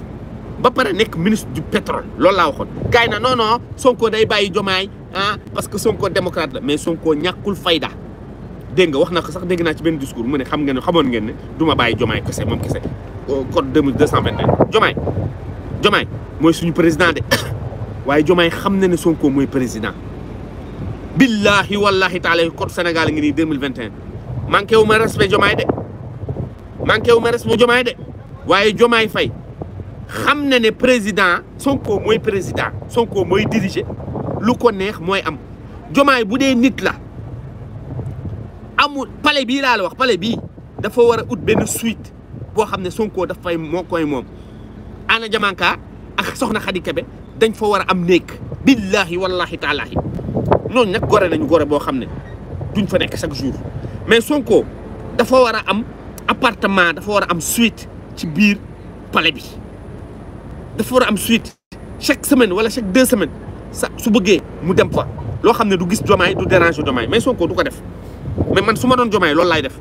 ba pare nekk ministre du pétrole loolu la waxoon. gars na non non Sonko day bàyyi jomaay ah parce que Sonko démocrate la mais Sonko ñàkkul fayda dégg nga wax na ko sax dégg naa ci benn discours mu ne xam ngeen ne du ma bàyyi jomaay kese moom kese code deux mille deux cent vingt un jomaay jomaay mooy suñu président de waaye jomaay xam na ne Sonko mooy président. billahi wallahi taala code Sénégal ngi nii deux mille vingt et un manqué wu ma respect jomaay de manqué wu ma respect jomaay de waaye jomaay fay xam na ne président Sonko mooy président Sonko mooy diriger lu ko neex mooy am jomaay bu dee nit la amul palais bii laa la wax palais bii dafa war a ut benn suite boo xam ne Sonko daf fay moo koy moom ana jamanka ak soxna Khady Kébé dañ fa war a am néeg billahi wallahi taalahi ñooñu nag gore nañu gore boo xam ne duñ fa nekk chaque jour mais Sonko dafa war a am appartement dafa war a am suite ci biir palais bi dafa war a am suite chaque semaine wala chaque deux semaine sa su bëggee mu dem fa loo xam ne du gis jomaay du déranger jomaay mais Sonko du ko def mais man su ma doon jomaay loolu laay def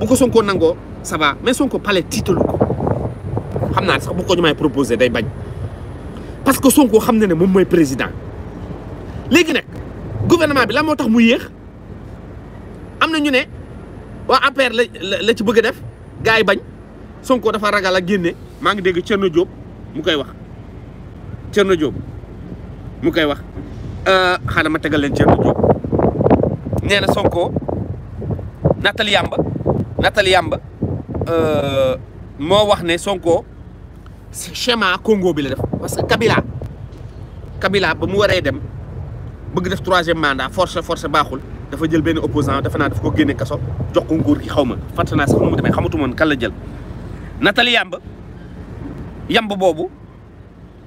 bu ko Sonko nangoo ça va mais Sonko pale tiitalu ko xam naa sax bu ko jomaay proposé day bañ parce que Sonko xam na ne moom mooy président léegi nag gouvernement bi la moo tax mu yéex. amna ñu ne wa APR la la ci bëgg def gaay bañ Sonko dafa ragal ak génné ma ngi dégg cerno job, mu koy wax Thierno job mu koy wax euh, xana ma tégal leen Thierno job néna Sonko Nathalie Yamba Nathalie Yamba euh, mo wax né Sonko schéma Congo bi la def parce que Kabila Kabila ba mu waré dem bëgg def 3e mandat force force baxul dafa jël benn opposant dafa naa dafa ko génne kaso jox ko nguur gi xaw ma fàtte naa sax nu mu demee xamatu moon kan la jël Nathalie Yamb Yamb boobu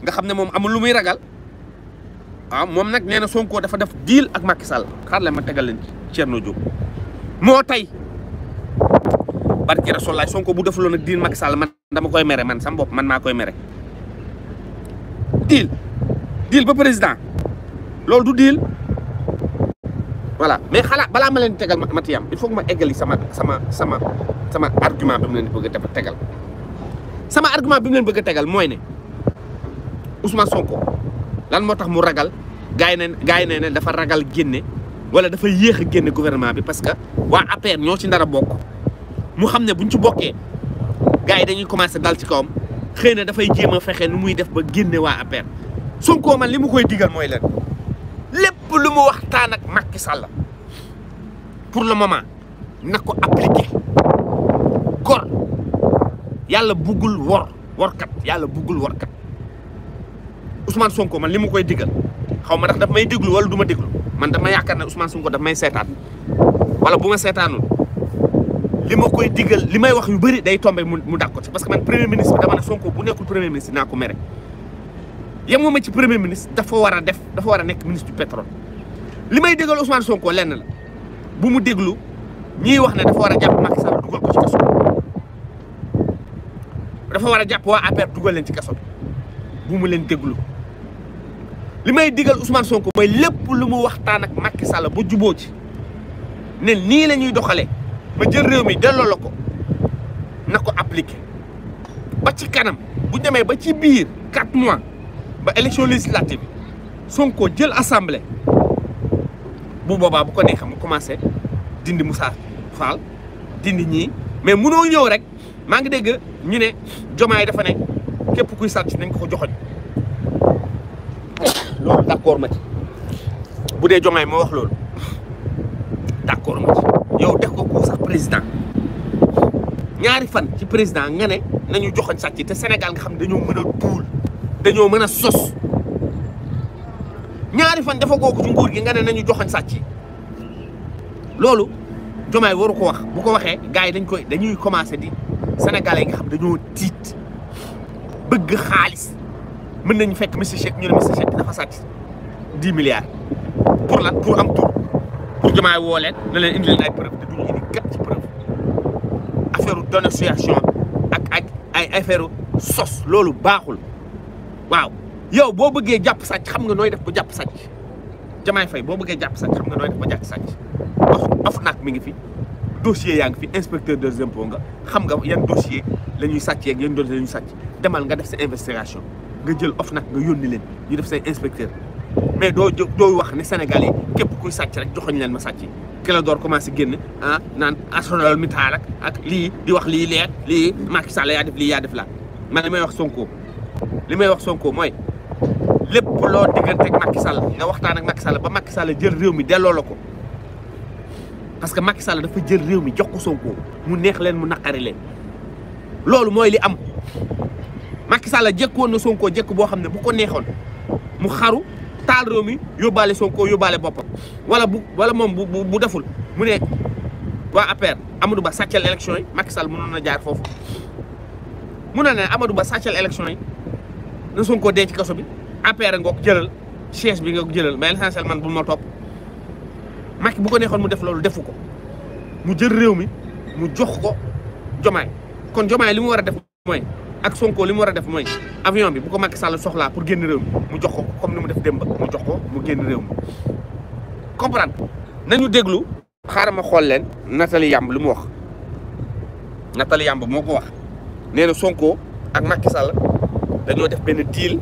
nga xam ne moom amul lu muy ragal ah moom nag nee na Sonko dafa def diil ak Macky Sall xaar ma tegal leen Thierno Diop moo tey barki Rasulaay Sonko bu defuloon ak diil Macky Sall man dama koy mere man sama bopp man maa koy mere deal diil ba président loolu du deal voilà mais xalaat balaa ma leen tegal Mathiam il faut que ma eggali sama sama sama sama argument bi mu leen bëgg a tegal sama argument bi mu leen bëgg a tegal mooy ne Ousmane Sonko lan moo tax mu ragal gars yi ne gars yi ne ne dafa ragal génne wala dafa yéex a génne gouvernement bi parce que waa APR ñoo ci ndara bokk mu xam ne buñ ci bokkee gars yi dañuy commencé dal ci kawam xëy na dafay jéem a fexe nu muy def ba génne waa APR Sonko ma li mu koy digal mooy leen. lépp lu mu waxtaan ak Macky Sall pour le moment na ko appliqué gor yàlla buggul wor workat yàlla buggul workat Ousmane Sonko man li mu koy diggal xaw ma ndax daf may déglu wala du ma déglu man dama yaakaar na Ousmane Sonko daf may seetaan wala bu ma seetaanul li ma koy diggal li may wax yu bëri day tombé mu mu parce que man premier ministre dama ne Sonko bu nekkul premier ministre naa ko mere. yemuma ci premier ministre dafa wara def dafa wara nek ministre du pétrole limay déggal Ousmane Sonko lenn la bu mu dégglu ñi wax né dafa wara japp Macky Sall duggal ko ci kasso dafa wara japp wa APR duggal len ci kasso bu mu len dégglu limay diggal Ousmane Sonko moy lepp lu mu waxtaan ak Macky Sall bu jubo ci né ni lañuy doxalé doxalee ma jël réew mi delloo la ko na ko ba ci kanam bu demee ba ci biir 4 mois ba élection législative bi Sonko jël assemblée bu boobaa bu ko neexee mu commencé dindi Moussa Fall dindi ñii mais munoo yow rek maa ngi dégg ñu ne jomaay dafa ne képp kuy sàcc nañ ko ko joxoñ loolu d'accord ma ci bu dee jomaay moo wax loolu d'accord ma ci yow def ko ko sax président ñaari fan ci président nga ne nañu joxoñ sàcc te Sénégal nga xam ne dañoo mën a duul dañoo mën a sos ñaari fan dafa googu ci nguur gi nga ne nañu joxoñ sàcc loolu jomaay waru ko wax bu ko waxee gars yi dañ koy dañuy commencé di sénégalais yi nga xam dañoo tiit bëgg xaalis mën nañu fekk monsieur Cheikh ñu ne monsieur Cheikh dafa sàcc dix milliards pour lan pour am tur pour jomaay woo leen na leen indi leen ay preuve te duñu indi kat ci preuve affaire u ak ak ay affaire sos loolu baaxul waaw yow boo bëggee jàpp sàcc xam nga nooy def ba jàpp sàcc jamaay fay boo bëggee jàpp sàcc xam nga nooy def ba jàpp sàcc wax mi ngi fi dossier yaa ngi fi inspecteur des impôts nga xam nga yan dossier la ñuy sàcc yeeg yan dossier la demal nga def sa investigation nga jël Afnac nga yónni leen ñu def say inspecteur mais doo doo wax ne Sénégal yi képp kuy sàcc rek joxoñ leen ma sàcc ki la door commencé génn ah naan asonal mi taal ak ak lii di wax lii leer lii Macky Sall yaa def lii yaa def laa man li may wax Sonko li may wax Sonko mooy lépp loo diggante ak Macky Sall nga waxtaan ak Macky Sall ba Macky Sall jël réew mi delloo la ko parce que Macky Sall dafa jël réew mi jox ko Sonko mu neex leen mu naqari leen loolu mooy li am Macky Sall jëkkoon na Sonko jëkk boo xam ne bu ko neexoon mu xaru taal réew mi yóbbaale Sonko yóbbaale boppam wala bu wala moom bu bu deful mu ne waa APR amatu Ba sàccal élection yi Macky Sall mënoon na jaar foofu mu na ne Amadou Ba sàccal yi. na Sonko dee ci kaso bi APR nga ko jëlal chaise bi nga ko jëlal mais l'essentiel man bu ma topp Macky bu ko neexoon mu def loolu defu ko mu jël réew mi mu jox ko Jomaay kon Jomaay li mu war a def mooy ak Sonko li mu war a def mooy avion bi bu ko Macky Sall soxlaa pour génn réew mi mu jox ko comme ni mu def démb mu jox ko mu génn réew mi comprendre nañu déglu xaaral ma xool leen Nathalie Yamb lu mu wax Nathalie Yamb moo ko wax nee na Sonko ak Macky Sall dañu def ben deal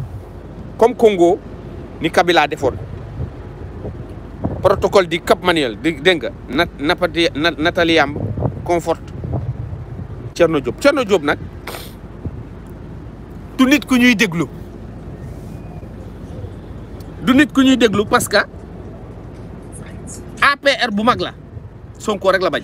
comme Congo ni Kabila defoon protocole di Cap Manuel di deng na napati Nathalie Yamb Comfort Thierno job, Thierno Diop du nit ku ñuy deglu du nit ku ñuy deglu parce que APR bu mag la Sonko rek la bañ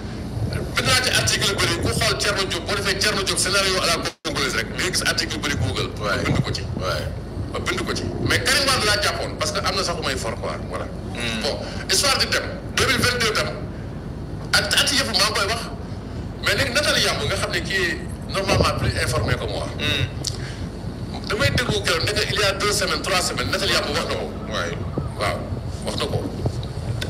bind naa ci article yu bëri ku xool Thierno Diop boo defee Thierno Diop scénario à la congolaise rek da nga gis article yu Google. waaye bind ko ci. waaye ba ko ci mais Karim Wade laa jàppoon parce que am na sax may for quoi voilà. Hmm. maa ngi koy wax mais léegi Nathalie Yamb nga xam informé que moi. Hmm. damay déglu keroog ne que il y a wax na ko. waaye waaw wax na ko.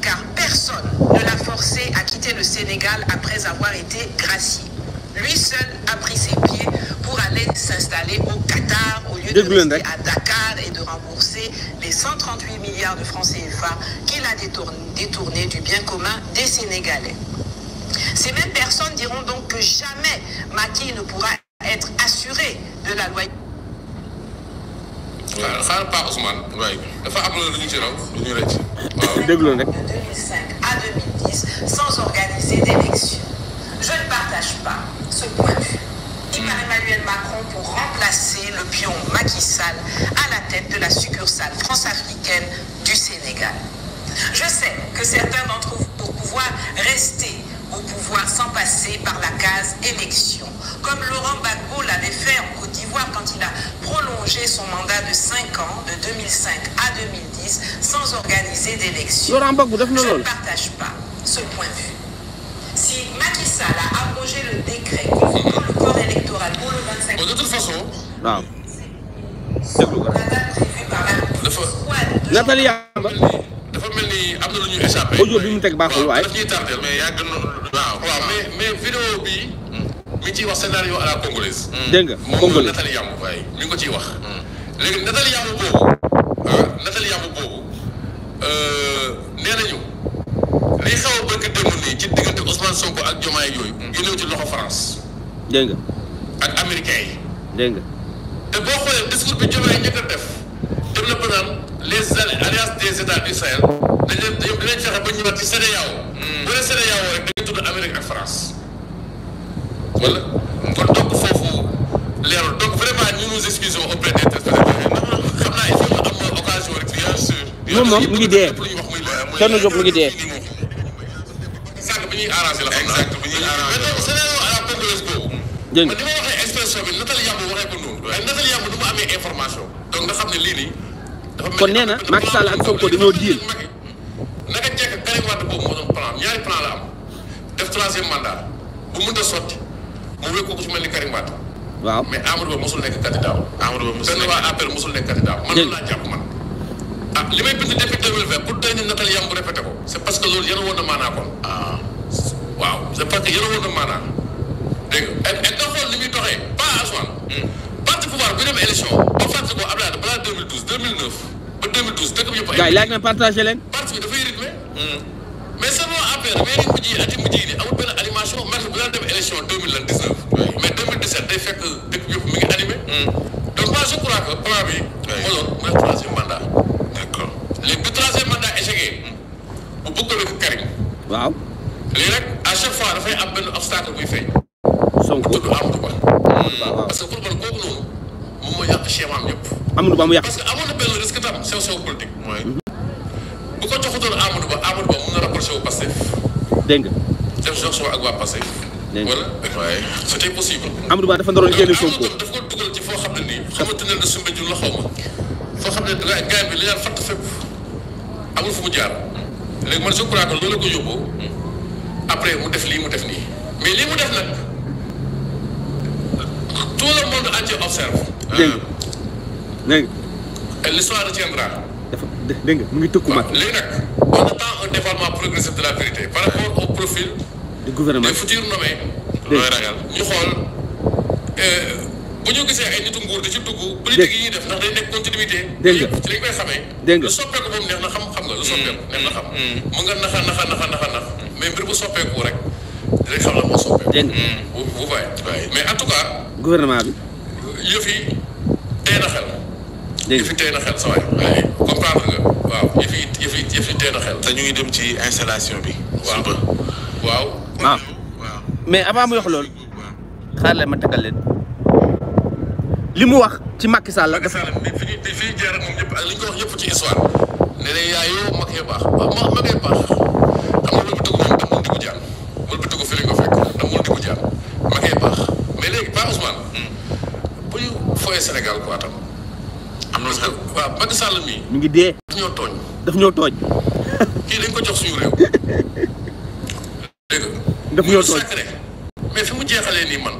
car personne ne l'a forcé à quitter le Sénégal après avoir été gracié. Lui seul a pris ses pieds pour aller s'installer au Qatar au lieu de rester à Dakar et de rembourser les 138 milliards de francs CFA qu'il a détournés détourné du bien commun des Sénégalais. Ces mêmes personnes diront donc que jamais Maki ne pourra être assuré de la loyauté de 2005 à 2010 sans organiser d'élection je ne partage pas ce point de vue. Il hmm. par Emmanuel Macron pour remplacer le pion Macky Sall à la tête de la succursale france-africaine du Sénégal. Je sais que certains d'entre vous, pour pouvoir rester au pouvoir sans passer par la case élection. Comme Laurent Gbagbo l'avait fait en Côte d'Ivoire quand il a prolongé son mandat de 5 ans, de 2005 à 2010, sans organiser d'élection. Je ne partage pas ce point de vue. Si Macky Sall a abrogé le décret convoquant le corps électoral pour le 25 De toute façon, non. la date prévue par la Cour Nathalie dafa mel ni am na lu ñu échappé. audio bi mu teg baaxul waaye daf ñuy tardé mais mais mais bi mi ngi ciy wax scénario à la congolaise. Hmm. dégg nga congolais moom Nathalie Yamb waaye ciy wax. Hmm. léegi Nathalie Yamb boobu ah Nathalie Yamb boobu euh, li xaw a bëgg démb nii ci diggante Ousmane Sonko ak Diomaye yooyu. yu hmm. néew ci loxo France. dégg te boo xoolee discours bi Diomaye njëkk def dem na ba les alliances des états du Sahel dañ leen dañoo dañ leen fexe ba ñëwaat ci CEDEAO. Hmm. bu dee CEDEAO rek da ngay tudd Amérique ak France. wala kon donc foofu leerul donc vraiment ñu nous excusons auprès des téléspectateurs xam naa il faut ñu am occasion rek bien sûr. moom moom mu ngi dee kenn jóg mu ngi dee. sànq bi ñuy arrangé la. exact bi ñuy arrangé la mais donc CEDEAO à la congolaise boobu. jërëjëf man li ma waxee expression bi Nathalie Yamb waxee ko noonu. waaye Nathalie Yamb du ma amee information. donc nga xam ne lii nii. kon nee na Macky Sall ak Sonko dañoo diil. naka njëkk Karim Wade boobu moo doon plan ñaari la def troisième mandat bu mënta sotti mu wékku ko su mel ni Karim waaw mais Amadou Ba mosul nekk candidat Amadou Ba mosul nekk benn waa APR laa jàpp man. ah li may bind depuis 2020 pour tey ñu natal yam bu répété ko. c' parce que loolu yéen a woon na maanaa kon. ah waaw c' parce que yéen a woon na maanaa dégg nga et et nga muy doxee pas Senghor bu dem élection ba fàttali ko Abdoulaye balaa ba 2012 dëkk bi yëpp ay. gars hmm. mais seulement affaire weeri mujj yi ati mujj yi nii amul benn animation Macky bu daan dem day fekk dëkk bi yëpp mi ngi animé. Hmm. donc moi je bi. oui moo doon mu def bu troisième mandat échoué. Hmm. waaw léegi rek à chaque fois dafay am benn obstacle buy feeñ. moom moo yàq schéma am yëpp. Amadou Ba mu yàq parce que Amadou ko joxutoon Amadou Ba Amadou Ba mun na rapproché wu Pastef. dégg nga. ak waa Pastef. dégg nga wala waaye c'était possible. Amadou Ba dafa naroon génne Sonko daf ko dugal ci foo xam ne nii. xamante ne ne sumbe jur la xaw ma. foo xam ne gars bi li daan fàtt fépp amul fu mu jaar léegi man je crois que loolu la ko yóbbu après mu def lii mu def nii mais lii mu def nag. tout le monde entier observe. dégg nga dégg nga. et l'histoire retiendra. dafa dégg mu ngi tëkku ma. léegi nag on attend un développement progressif de la vérité par rapport au profil. du gouvernement des futurs nommés. looy ragal ñu xool euh, bu ñu gisee ay nitu nguur di ci dugg. politique yi def ndax day nekk continuité. dégg nga ci li ñu koy xamee. dégg lu soppeeku moom neex na xam xam nga. lu soppeeku mm. neex na xam. Mm. mu nga naxa naxa naxa naxa nax mm. mais mbir bu soppeeku rek. élection la moo soppeeku. dégg nga mm. mais en tout cas. gouvernement bi. yëf yi tey na xel. dégg nga yëf yi tey na xel sa waay. waaye comprendre nga waaw yëf yi yëf yi yëf yi tey na xel. te ñu ngi dem ci installation bi. waaw waaw. Ah. waaw mais avant mu wax loolu. xaaral la ma tagal leen. li mu wax ci Macky Sall. Macky Sall fi ñuy fi ñuy jaar ak moom ñëpp ak li ñu ko wax ñëpp ci histoire. ne ne yaayoo mag yee baax mag yee baax xam nga loolu dugg moom tam mu dugg jaan. donc moo ci mujj am ma ngay baax mais léegi Paa Ousmane. ngi dee. daf ñoo tooñ. ñoo tooñ. kii dañ ko jox suñu réew. dégg nga. mais fi mu jeexalee nii man.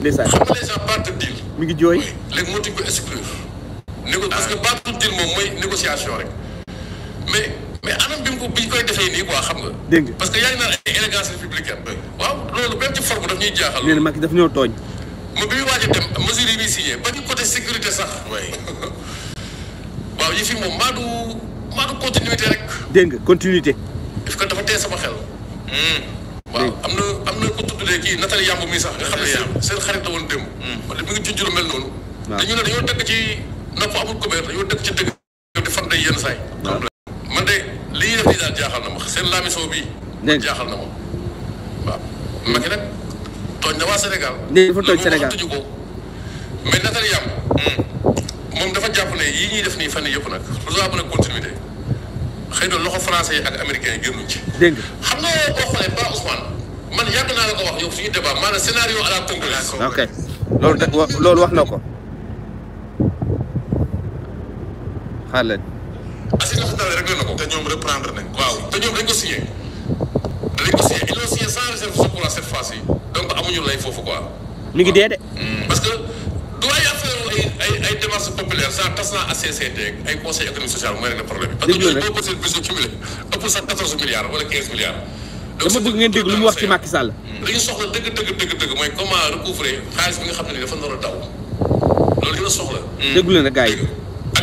ndeysaan xam nga les gens partent deal. mi ngi jooy léegi moo tudd ko exclure. rek mais. mais anam bi mu ko bi ñu koy defee nii quoi xam nga. dégg nga parce que yaa ngi naan ay élégance républicaine waaw loolu même ci forme daf ñuy jaaxal. nee na Macky daf ñoo tooñ. ma bi ñu waaj a dem mesure yi muy signé ba ci côté sécurité sax. waaye waaw yi fi moom maa du continuité rek. dégg continuité. daf ko dafa tee sama xel. Hmm. waaw am na am na ku tuddee kii Nathalie Yamb mi sax nga xam ne seen xarit la woon démb. man hmm. de mi ngi junj lu mel noonu. dañu ne dañoo dëkk ci napp amul couvert dañoo dëkk ci seen bi dégg jaaxal na moom waaw nag tooñ na waa Sénégal. dégg nga tooñ Sénégal tëju ko mais Netanyahou moom dafa jàpp ne yii ñuy def nii fan yii yëpp nag lu laa mën a continuité xëy na loxo français yi ak américain yi génnuñ ci. dégg nga xam nga boo xoolee Ba Ousmane man yàgg naa la ko wax yow suñu débat maanaam scénario à la congolaise. ok loolu de loolu wax na ko xaaral Sénégal réglé na ko. te ñoom reprendre nañ ko. waaw te ñoom foofu quoi. mi ngi dee de. parce que du ay affaire ay ay ay démarches populaires ça tas naa ACCT ay conseil économique social mooy rek ko cumulé ëpp sax quatorze milliards wala hmm. soxla dëgg dëgg dëgg dëgg mooy comment recouvrer xaalis bi nga xam ne dafa nar a daw loolu dina soxla. Hmm. déglu na gars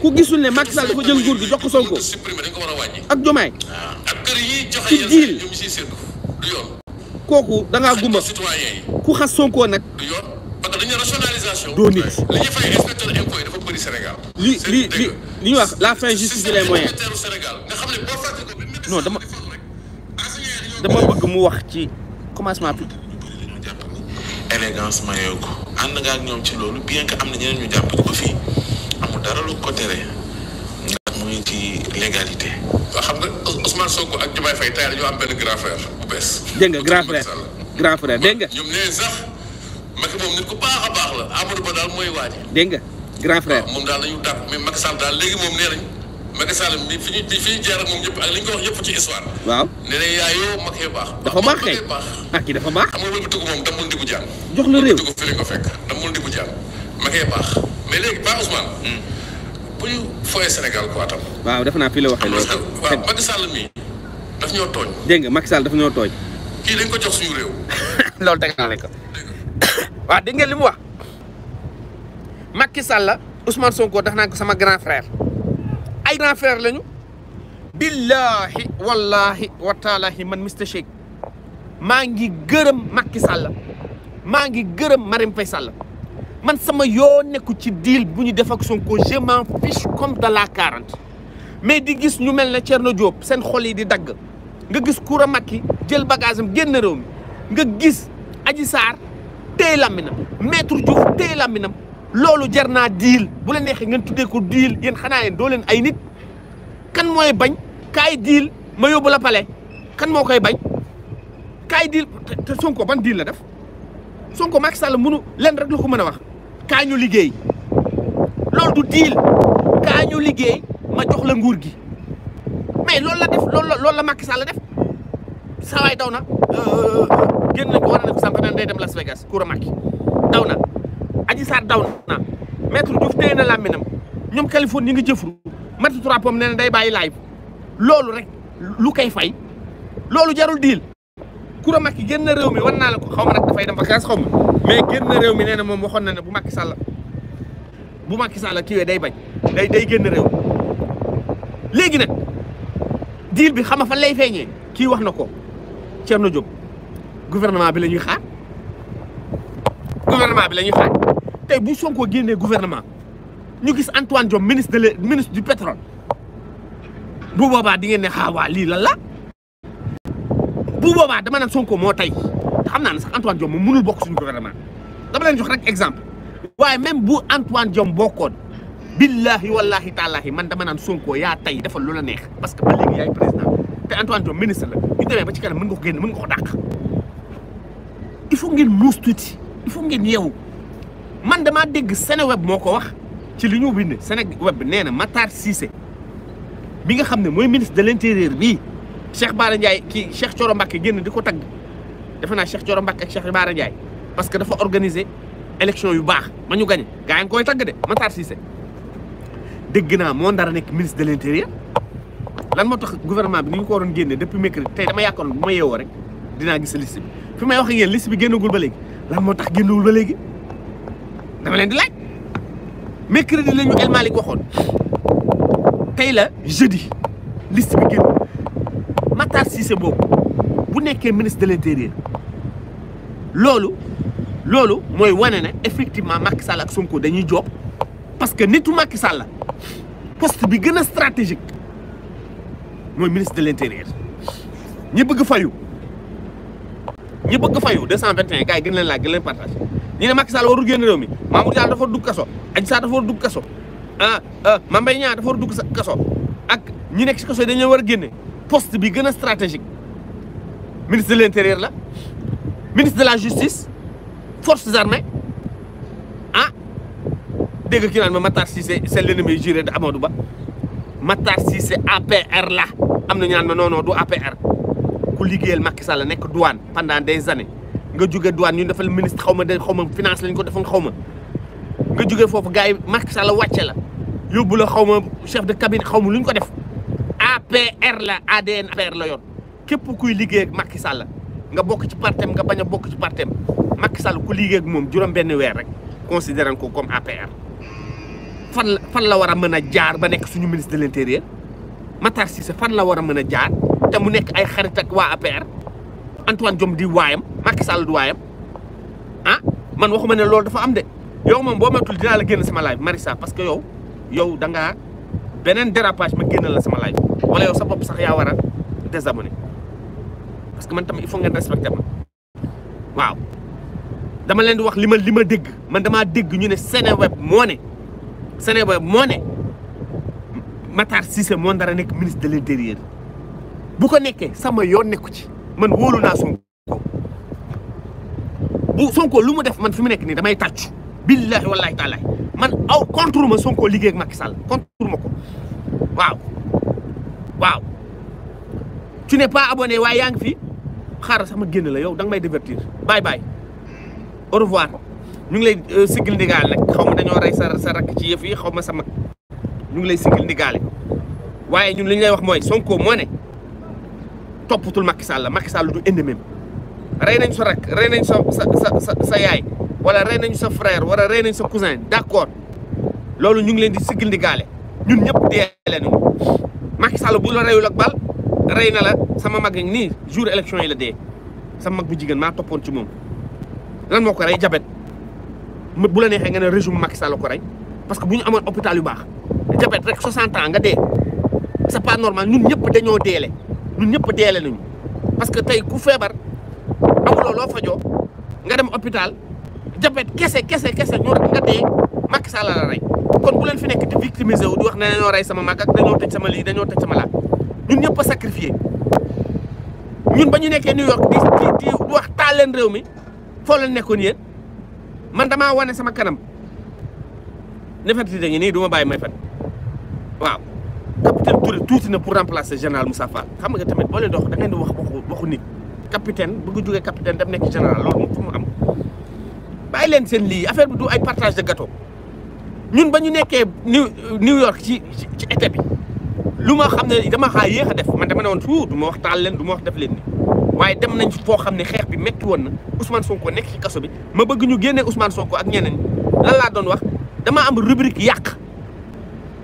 ku gisul ne Macky Sall dafa jël nguur gi jox ko Sonko ak Jomaay ah. ci diil kooku da ngaa gumba ku xas Sonko nag doo nit li li li li ñu wax la fin justifie les moyens non dama dama bëgg mu wax ci commencement bi. élégance mayoo ko ànd nga ak ñoom ci loolu bien que am na ñeneen ñu jàpp ko fii. dara lu ko tere ndax mu ngi ci légalité. xam nga Ousmane Sonko ak Diomaye Faye tey dañoo bu bees. a Ba daal mooy waaj. nga grand frère moom daal moom nee nañ Macky Sall bi fi ñu fi ñu jaar ak moom jox la réew wëlbatiku fi la ko fekk damul ndigu jàng. ma ngay baax mais léegi Ba Ousmane. bu hmm. ñu foyee Sénégal quoi tam. waaw defe naa fii la waxee loolu. waaw Macky Sall mii daf ñoo tooñ. dégg nga Macky Sall daf ñoo tooñ. kii dañ ko jox suñu réew. loolu teg naa leen ko. waaw dégg ngeen li wax Macky Sall Ousmane Sonko daf naa ko sama grand frère ay grand frère lañu. billahi wallahi wa taalahi man Mr Sheikh. Mangi ngi gërëm Macky Sall maa ngi gërëm Marème Sall. man sama yoo nekku ci deal bu ñu def ak Sonko je m'en comme de la quarante mais di gis ñu mel ne Thierno jóob seen xol yi di dagg nga gis Koura Macky jël bagage génn réew mi nga gis aji Sarr téye laminam maître Diouf téye laminam loolu jar naa deal bu la neexee ngeen tuddee ko deal yéen xanaa yéen doo leen ay nit kan mooy bañ kaay deal ma yóbbu la pale kan moo koy bañ kaay deal te Sonko ban deal la def Sonko Macky Sall mënu leen rek la ko mën a wax. kaa liggéey loolu du diil kaa liggéey ma jox la nguur gi mais loolu la def loolu la makki la def saa waay daw na euh, euh, euh, génn nañ ko war a def sànq naan day dem Las Vegas kuur a Macky daw na Adji Sarr daw na maître Diouf téye na làmminam ñoom Californie ñu ngi jëfru maître trois pommes nee na day bàyyi live loolu rek lu koy fay loolu jarul diil Coura Macky génn réew mi wan naa la ko xaw ma nag dafay dem vacances xaw ma mais génn réew mi nee na moom waxoon na ne bu Macky Sall bu Macky Sall kiiwee day bañ day day génn réew léegi nag deal bi xama fa lay feeñee kii wax na ko Thierno Diop gouvernement bi la ñuy xaar gouvernement bi lañuy ñuy xaar tey bu Sonko génnee gouvernement ñu gis Antoine Diome ministre de ministre du pétrole bu boobaa di ngeen ne xaawaa ah lii lan bu boba dama nan Sonko mo tay xamna sax Antoine diom mo munul bok suñu gouvernement dama len jox rek exemple waye même bu Antoine diom billahi wallahi ta'ala man dama nan Sonko ya tay defal lula neex parce que ba legui yaay président te Antoine diom ministre la ñu demee ba ci kanam mën nga ko genn mën nga ko dàq il faut ngeen mous tuuti il faut ngeen yew man dama dégg Seneweb wax ci liñu bind Seneweb Matar Cissé bi nga xamné moy ministre de l'intérieur bi Cheikh Bara Ndiaye kii Cheikh Thioro Mbacké génn di ko tagg defe naa Cheikh Thioro Mbacké ak Cheikh Bara parce que dafa organiser élection yu baax ma ñu gañ gaa yi ngi koy tagg de Matar Cissé dégg naa moo ndara nekk ministre de l'intérieur lan moo tax gouvernement bi ni ñu ko waroon génne depuis mercredi tey dama yaakaaroon bu ma yeewoo rek dinaa gis liste bi fi may wax ak yéen liste bi génnagul ba léegi lan moo tax génnagul ba léegi dama leen di laaj mercredi la ñu El Malick la jeudi si c'est boobu bu nekkee ministre de l'intérieur loolu loolu mooy wane effectivement Macky Sall ak Sonko dañuy job parce que nitu Macky Sall poste bi gën stratégique mooy ministre de l'intérieur ñi bëgg fayu ñi bëgg fayu 221 gars yi gën leen laaj gën leen partage ñi ne Macky Sall warul génn réew mi Mamour Diallo dafa war dugg kaso Adji Sarr dafa war dugg kaso ah, ah Mame Mbaye Niang dafa war dugg kaso ak ñi nekk si kaso yi dañu war a poste bi gën a stratégique ministre de l'intérieur la ministre de la justice forces armées ah dégg nga ki naan ma Matar Cissé c'est l'ennemi juré de Amadou Ba Matar Cissé APR la am na ñu naan ma non non du APR ku liggéeyal Macky la nekk douane pendant des années nga jóge douane ñu defal ministre xaw ma de xaw ma finance lañ ko defoon xaw ma nga jóge foofu gars yi Macky Sall wàcce la yóbbu la xaw ma chef de cabinet xaw ma lu ñu ko def. APR la ADN APR la yor kep kuy liggé ak Macky Sall nga bok ci partem nga baña bok ci partem Macky Sall ku liggé ak mom juroom benn weer rek considérant ko comme APR fan fan la wara mëna jaar ba nek suñu ministre de l'intérieur Matar Cissé fan la wara mëna jaar té mu nek ay xarit ak wa APR Antoine Diom di wayam Macky Sall du wayam ah man waxuma né lool dafa am de yow mom bo matul dina la génn sama live Marissa parce que yow yow da nga beneen dérapage ma génnal la sama live wala yow sa bopp sax yaa war a désabonné parce que man tam il faut ngeen respecté ma waaw dama leen di wax li ma li ma dégg man damaa dégg ñu ne Seneweb moo ne Seneweb moo ne Matar Cissé moo dara nekk ministre de l'intérieur bu ko nekkee sama yoon nekku ci man wóolu naa Sonko bu Sonko lu mu def man fi mu nekk nii damay tàccu billahi wallahi taalaay man aw contre ma Sonko liggéey ak Sall contre ma ko waaw waaw tu n'es pas abone waaye yaa ngi fi xaaral sama génn la yow danga may divertir bye bye au revoir ñu ngi lay euh, sigil ndigaale nag sa ci yëf xaw ma sa ñu ngi lay sigil ndigaale waaye ñun lay wax mooy Sonko moo ne toppatul Macky Sall Macky du ennemi rey nañ sa rakk rey nañ sa sa sa sa yaay wala rey nañu sa frère wala rey nañu sa cousin d'accord loolu ñu ngi leen di siggandigaale ñun ñëpp dee leen Macky Sall bu la reyul ak bal rey na la sama mag ngi nii jour élection yi la dee sama mag bu jigéen maa toppoon ci moom lan moo ko rey jabet bu la neexee nga ne régime Macky Sall ko rey parce que bu ñu amoon hôpital yu baax jabet rek 60 ans nga dee c'est pas normal ñun ñëpp dañoo deele ñun ñëpp deele nañu parce que tey ku feebar amuloo loo nga dem hôpital japet kese kese kese ñoo rek nga dee Macky Sall la rey kon bu leen fi nekk di victimiser wu di wax ne dañoo rey sama mag ak dañoo tëj sama lii dañoo tëj sama laa ñun ñëpp a sacrifié ñun ba ñu nekkee New York di di wax taal leen réew mi foo leen nekkoon yéen man damaa wane sama kanam neferti da ngi nii du ma bàyyi may fen waaw capitaine Touré tuuti na pour remplacer général Moussa xam nga tamit boo leen dox da ngeen di wax waxu waxu nit capitaine bëgg jógee capitaine dem nekk général mu am bàyyi leen seen lii affaire bi du ay partage de gâteau ñun ba ñu nekkee New New York ci ci été bi lu ma xam ne dama xaa yéex a def man dama ne woon suuf du ma wax taal leen du ma wax def leen ni waaye dem nañ foo xam ne bi métti woon na Ousmane Sonko nekk kaso bi ma bëgg ñu génnee Ousmane Sonko ak ñeneen lan laa doon wax dama am rubrique yàq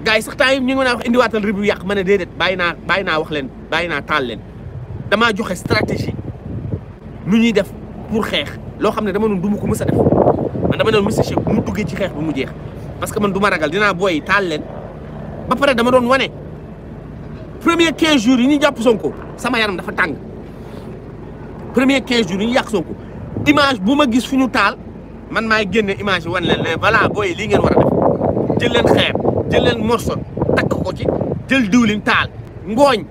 gars yi sax temps yi ñu ngi mën a wax indiwaatal rubrique yàq ma ne déedéet bàyyi naa bàyyi naa wax leen bàyyi naa taal leen damaa joxe stratégie nu ñuy def pour xeex. loo xam ne dama noonu du ma ko mës def man dama noonu Mister Shake mu duggee ci xeex bi mu jeex parce que man du ma ragal dinaa booy taal leen ba pare dama doon wane premier 15 jours yi ñu jàpp Sonko sama yaram dafa tàng premier 15 jours yi ñu yàq Sonko image bu ma gis fu ñu taal man maay génne image yi wan leen ne voilà booy lii ngeen war def jël leen xeer jël leen morso takk ko ci jël diwlin taal ngooñ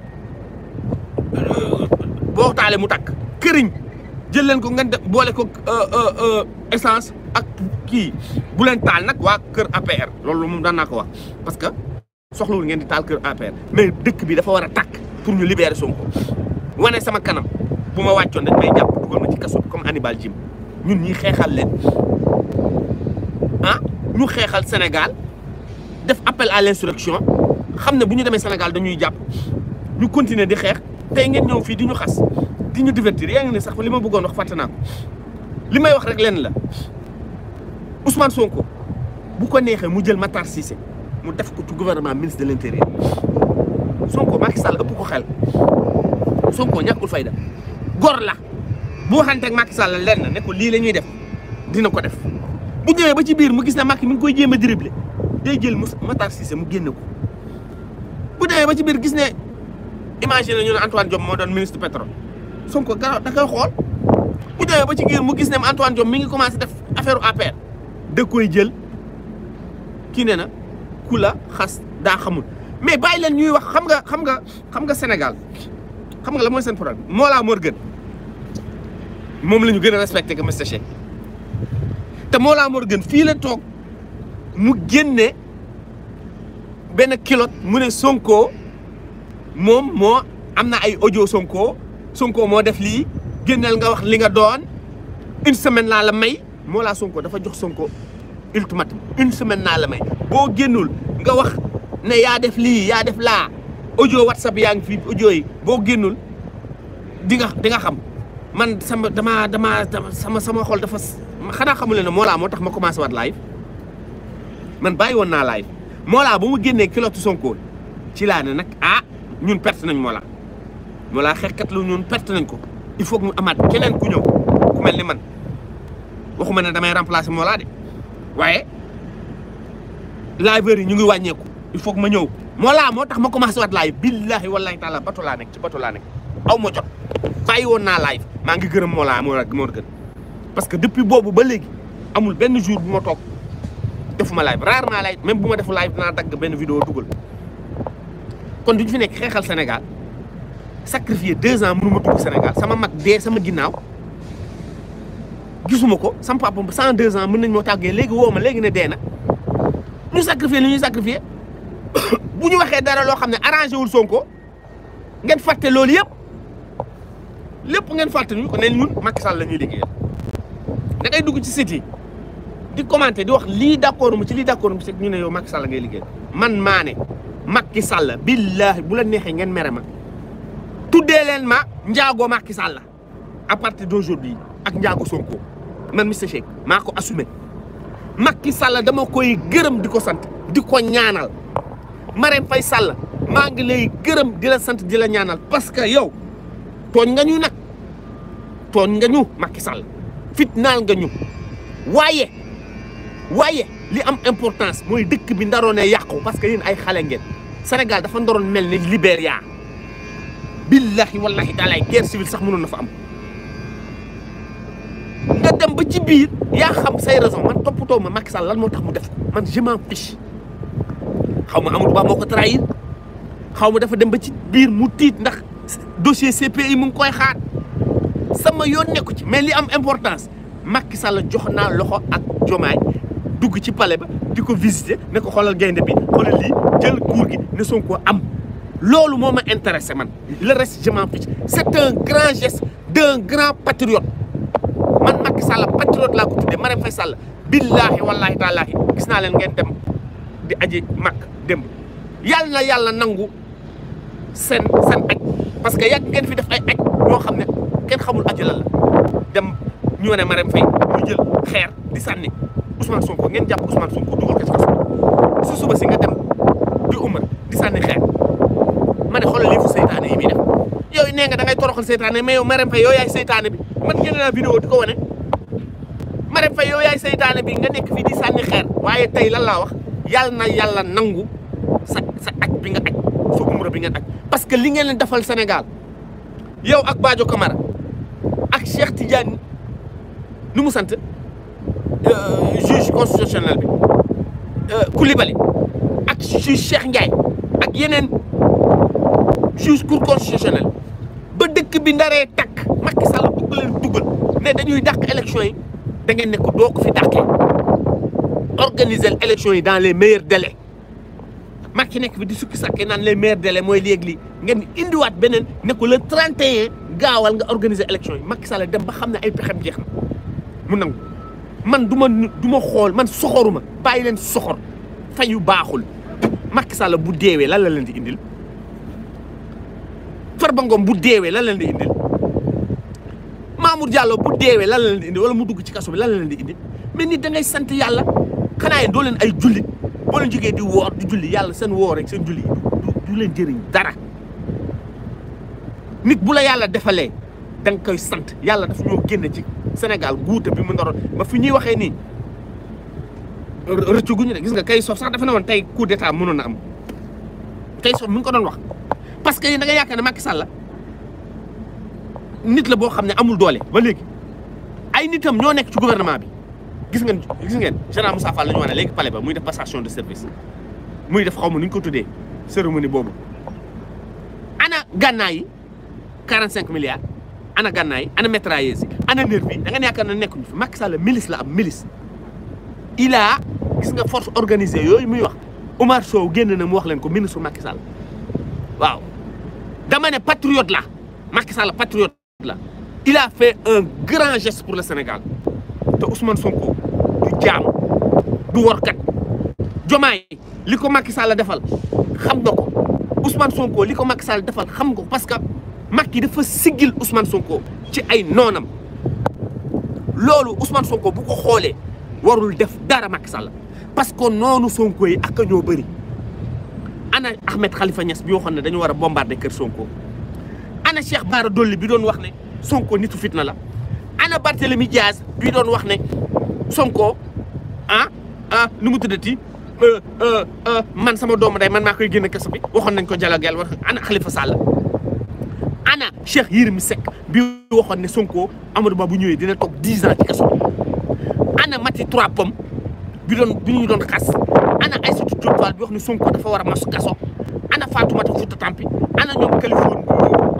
boo taalee mu takk këriñ. jël leen ko ngeen def boole ko euh, euh, euh, essence ak kii bu leen taal nag waa kër APR loolu moom daan naa ko wax parce que soxlawul ngeen di taal kër APR mais dëkk bi dafa war a tàkk pour ñu libérer Sonko wane sama kanam bu ma wàccoon dañ jàpp dugal ma ci kaso comme Hannibal Jim ñun ñi xeexal leen ah ñu xeexal Sénégal def appel à l'insurrection xam ne bu ñu demee Sénégal dañuy jàpp ñu continuer di xeex tey ngeen ñëw fii di ñu xas di ñu divertir yaa ngi ne sax fa li ma bëggoon wax fàtte naa li may wax rek lenn la Ousmane Sonko bu ko neexee mu jël ma Cissé mu def ko ci gouvernement ministre de l' intérieur Sonko Macky Sall ëpp ko xel Sonko ñàkkul fayda gor la bu waxanteeg Macky Sall lenn ne ko lii la ñuy def dina ko def bu ñëwee ba ci biir mu gis ne Macky mi ngi koy jéem a dribblé day jël ma Cissé mu génne ko bu demee ba ci biir gis ne imagine ñu ne Antoine Diome moo doon ministre pétrole. Sonko gaaw da koy xool bu demee ci biir mu gis ne Antoine Diome mi ngi commencé def affaire APR da koy jël kii ne na ku la xas daa xamul mais bàyyi leen ñuy wax xam nga xam nga xam nga Sénégal xam nga la mooy seen problème Mollah Morgun moom lañu gën a respecté que Mister Shake te Mollah Morgun fii la toog mu génne benn kilote mu ne Sonko moom moo am na ay ojo Sonko Sonko moo def lii génneel nga wax li nga doon une semaine laa la may moo laa Sonko dafa jox Sonko ultimatum une semaine naa la may boo génnul nga wax ne yaa def lii yaa def laa audio whatsapp yaa ngi fi audio yi boo génnul di nga di nga xam man sama damaa damaa sama sama xol dafa xanaa xamule ne Mollah moo tax ma commencé waat live man bàyyi woon naa live Mollah bu mu génnee kilotu Sonko ci laa ne nag ah ñun perte nañ Mollah Mollah xeexkat la ñoon perte nañ ko il faut que amaat keneen ku ñëw ku mel ni man waxuma ne damay moo laa de waaye live yi ñu ngi wàññeeku il foog ma ñëw Mollah moo tax ma commencé waat live billahi wallahi taala bato laa nekk ci bato laa nekk aw ma jot bàyyi woon naa live maa ngi gërëm moo Mollah moo moo gën parce que depuis boobu ba léegi amul benn jour bu ma toog defuma live rarement live même bu ma defu live dinaa dagg benn vidéo dugal kon duñ fi nekk xeexal Sénégal sacrifier deux ans mënuma dugg Sénégal sama mag dee sama ginnaaw gisuma ko sama papa cent deux ans mën nañ moo tàggee léegi woo ma léegi ne dee na ñu sacrifier li ñuy sacrifier bu ñu waxee dara loo xam ne arrangé wul Sonko ngeen fàtte loolu yëpp lépp ngeen fàtte ñu ko ne ñun Macky Sall la ñuy liggéeyal da dugg ci site di commenter di wax lii d' mu ci lii d' accord mu ci ñu ne yow Macky Sall ngay liggéeyal man maa ne sàll Sall billaahi bu la neexee ngeen mere ma tuddee leen ma njaago Macky Sall à partir d'aujourd'hui ak njaago Sonko man mi Shake maa ko assumé Macky Sall dama koy gërëm di ko sant di ko ñaanal Marème fay Sall maa ngi lay gërëm di la sant di la ñaanal parce que yow tooñ nga ñu nag tooñ nga ñu makki Sall fitnaal nga ñu waaye waaye li am importance mooy dëkk bi ndaroon a yàqu parce que yéen ay xale ngeen Sénégal dafa ndaroon mel ni Libéria billahi wallahi taala guerre civile sax mënon na fa am nga dem ba ci bir ya xam say raison man toppatoo ma Macky Sall lan moo tax mu def man je m'en fiche xawma Amadou Ba moko trahir xawma dafa dem ba ci bir mu tit ndax dossier CPI mu ngi koy xaar sama yoon ci mais li am importance Macky Sall joxna loxo ak jomay dugg ci palais ba diko visiter ne ko xolal gaynde bi xolal li jël cour gi ne ko am lolu moma intéressé man le reste je m'en fiche c'est un grand geste d'un grand patriote man Macky Sall patriote la ko tuddee Marème fay Sall billahi wallahi taala gis na len ngeen dem di aji mak dem yalla yalla nangou nangu sen aj parce que yàgg ngeen fi def ay aj ñoo xam ne xamul aji lan dem ñu maram Marème ñu jël xeer di sanni Ousmane Sonko ngeen japp Ousmane Sonko du ko ci suba si nga dem di Umar di sanni xeer ma ne xoolal seytaane yi muy yow nee nga da ngay toroxal seytaane mais yow Marème Faye yow yaay seytaane bi man génne naa vidéo di ko wane Marème Faye yow yaay seytaane bi nga nekk fii di sànni xeer waaye tey lan laa wax yàlla na yàlla nangu sa sa aj bi nga aj sa umra bi nga aj parce que li ngeen leen senegal yow ak Badio Camara ak Cheikh Tidiane nu mu sant euh, juge constitutionnel bi Coulibaly euh, ak juge Cheikh ak yeneen juge cour constitutionnel ba dëkk bi ndaree takk Macky Sall bugg leen dugal ne dañuy dàq élection yi da ngeen ne ko doo ko fi dàqee organiser élection yi dans les meilleurs délais Macky nekk bi di sukki sàkke naan les meilleurs délais mooy léegi li ngeen indiwaat beneen ne ko le 31 gaawal nga organiser élection yi Macky Sall dem ba xam ne ay pexem jeex na mu nangu man du ma du ma xool man soxoruma bàyyi leen soxor fayu baaxul Macky Sall bu deewee lan la leen di indil. Farba ngoom bu deewee la leen di indil Mamour Diallo bu deewee lan leen di indil wala mu dugg ci kaso bi la leen di indil mais nit da sant yàlla xanaa yi doo leen ay jullit boo leen jógee di woor di julli yàlla seen woor rek seen julli du leen jëriñ dara nit bu la yàlla defalee da koy sant yàlla daf ñoo génne ci senegal guute bi mu ndoroon ba fi ñuy waxee nii rëccu ñu de gis nga kay sof sax dafa ne woon tey coup d'état mënoon na am kay sof ko doon wax parce que yéen da nga yaakaar ne nit la boo xam ne amul doole ba léegi ay nitam ñoo nekk ci gouvernement bi gis ngeen gis ngeen général Moussa Fall la ñu wane léegi palais ba muy def passation de service muy def xaw ma nu ñu ko tuddee cérémonie boobu. ana gànnaay yi 45 milliards ana gànnaay ana mitrailleuse ana nervi da nga yaakaar ne nekkuñu fi Macky Sall milice la am milice il gis nga force organisée yooyu muy wax Omar Sow génn na mu wax leen ko ministre Macky Sall waaw. dama patriote la Macky Sall patriote la il a fait un grand geste pour le Sénégal te Ousmane Sonko du Diam, du Workat. Jomaay Macky Sall defal xam nga ko Ousmane Sonko li Macky Sall defal xam ko parce que Macky dafa sigil Ousmane Sonko ci ay nonam. Lolo Ousmane Sonko bu ko warul def dara Macky Sall parce que noonu Sonko yi ak ñoo bëri. ana Ahmed xalifa Niass bi waxoon ne dañu war a bombarder kër Sonko ana Cheikh Bara Dolli bi doon wax ne Sonko nitu fitna la ana Barthélemy Diaz bi doon wax ne Sonko ah ah nu mu tuddati euh, euh, euh, man sama doomu day man maa koy génn kaso bi waxoon nañ ko jalogeel wax ana Khalifa Sall ana Cheikh mi Seck bi waxoon ne Sonko Amadou Ba bu ñëwee dina toog diis ans ci kaso bi ana Mati Trois Pommes bi doon bi ñu doon xas ana Aïssatou Diop Fall bi wax ne Sonko dafa war a mas kaso ana Fatoumata Fouta Tampi ana ñoom Californie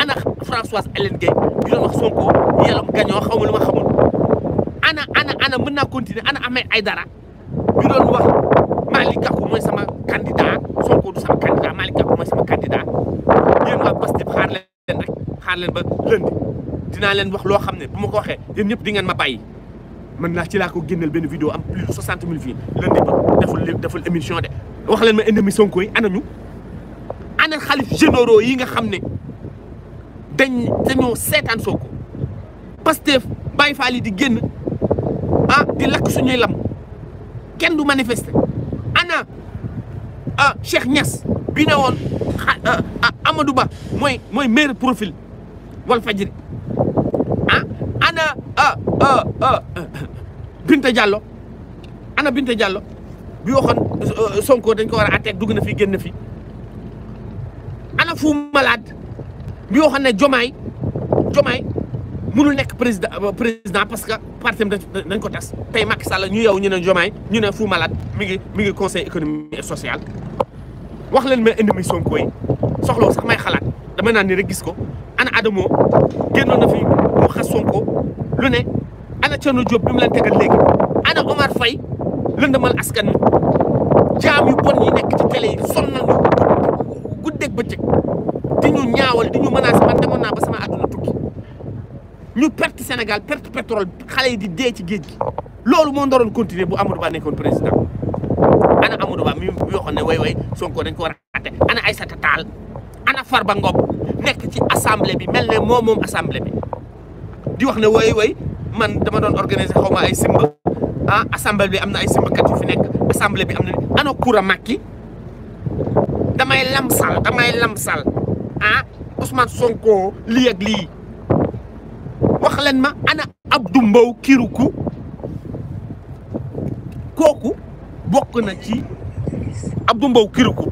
ana Françoise Hélène Gueye di doon wax Sonko yàlla mu gañoo xaw ma lu ma xamul ana ana ana mën naa continuer ana Ahmed Aïdara bi doon wax Malick Gakou mooy sama candidat Sonko du sama candidat Malick Gakou mooy sama candidat yéen waa Pastef xaar leen xaar leen ba lundi dinaa leen wax loo xam ne bu ma ko waxee yéen ñëpp di ngeen ma bàyyi. man laa ci la ko génneel ben vidéo am plus de 60 vues lundi ba deful deful émission de wax len ma indi Sonko yi ana ana khalif généro yi nga xamné dañ dañu seetaan soko pasteur Baye fali di génn ah di lak suñuy lam kenn du manifester ana ah Cheikh Niass bi ne woon Amadou Ba moy moy meilleur profil wal Walfadjri Ah, ah, ah. Binta Diallo ana Binta Diallo bi waxoon euh, Sonko dañ ko war a àtteeg dugg na fi génn na fi ana fu malade bi waxoon ne Jomaay Jomaay munu nekk président euh, président parce que parce parti dañ ko tas tey Macky Sall ñu yow ñu ne Jomaay ñu ne fu malade mi ngi mi ngi conseil économique et social wax leen ma ennemi Sonko yi sax may xalaat dama naan ni rek gis ko ana Adamo génnoon na fi mu xas Sonko lu ne ana Thierno Diop bi mu leen tegal léegi ana Omar Faye lëndamal askan wi jaam yu bon yi nekk ci télé yi sonnal ñu guddeeg bëccëg di ñu ñaawal di ñu menacer man demoon naa ba sama àdduna tukki ñu perte Sénégal perte pétrole xale yi di dee ci géej gi loolu moo ndoroon continuer bu Amadou Ba nekkoon président ana Amadou Ba mi mi ne way way Sonko dañ ko war a atte ay Aïssata Tall ana Farba Ngom nekk ci assemblée bi mel ne moom moom assemblée bi di wax ne way way man dama doon organiser xaw ma ay simba ah bi am na ay simbakat yu fi nekk assemblée bi am na ana Koura Macky damay lamsal ah Ousmane Sonko lii ak lii wax leen ma ana Abdou Mbow Kiruku kooku bokk na ci Abdou Mbow Kiruku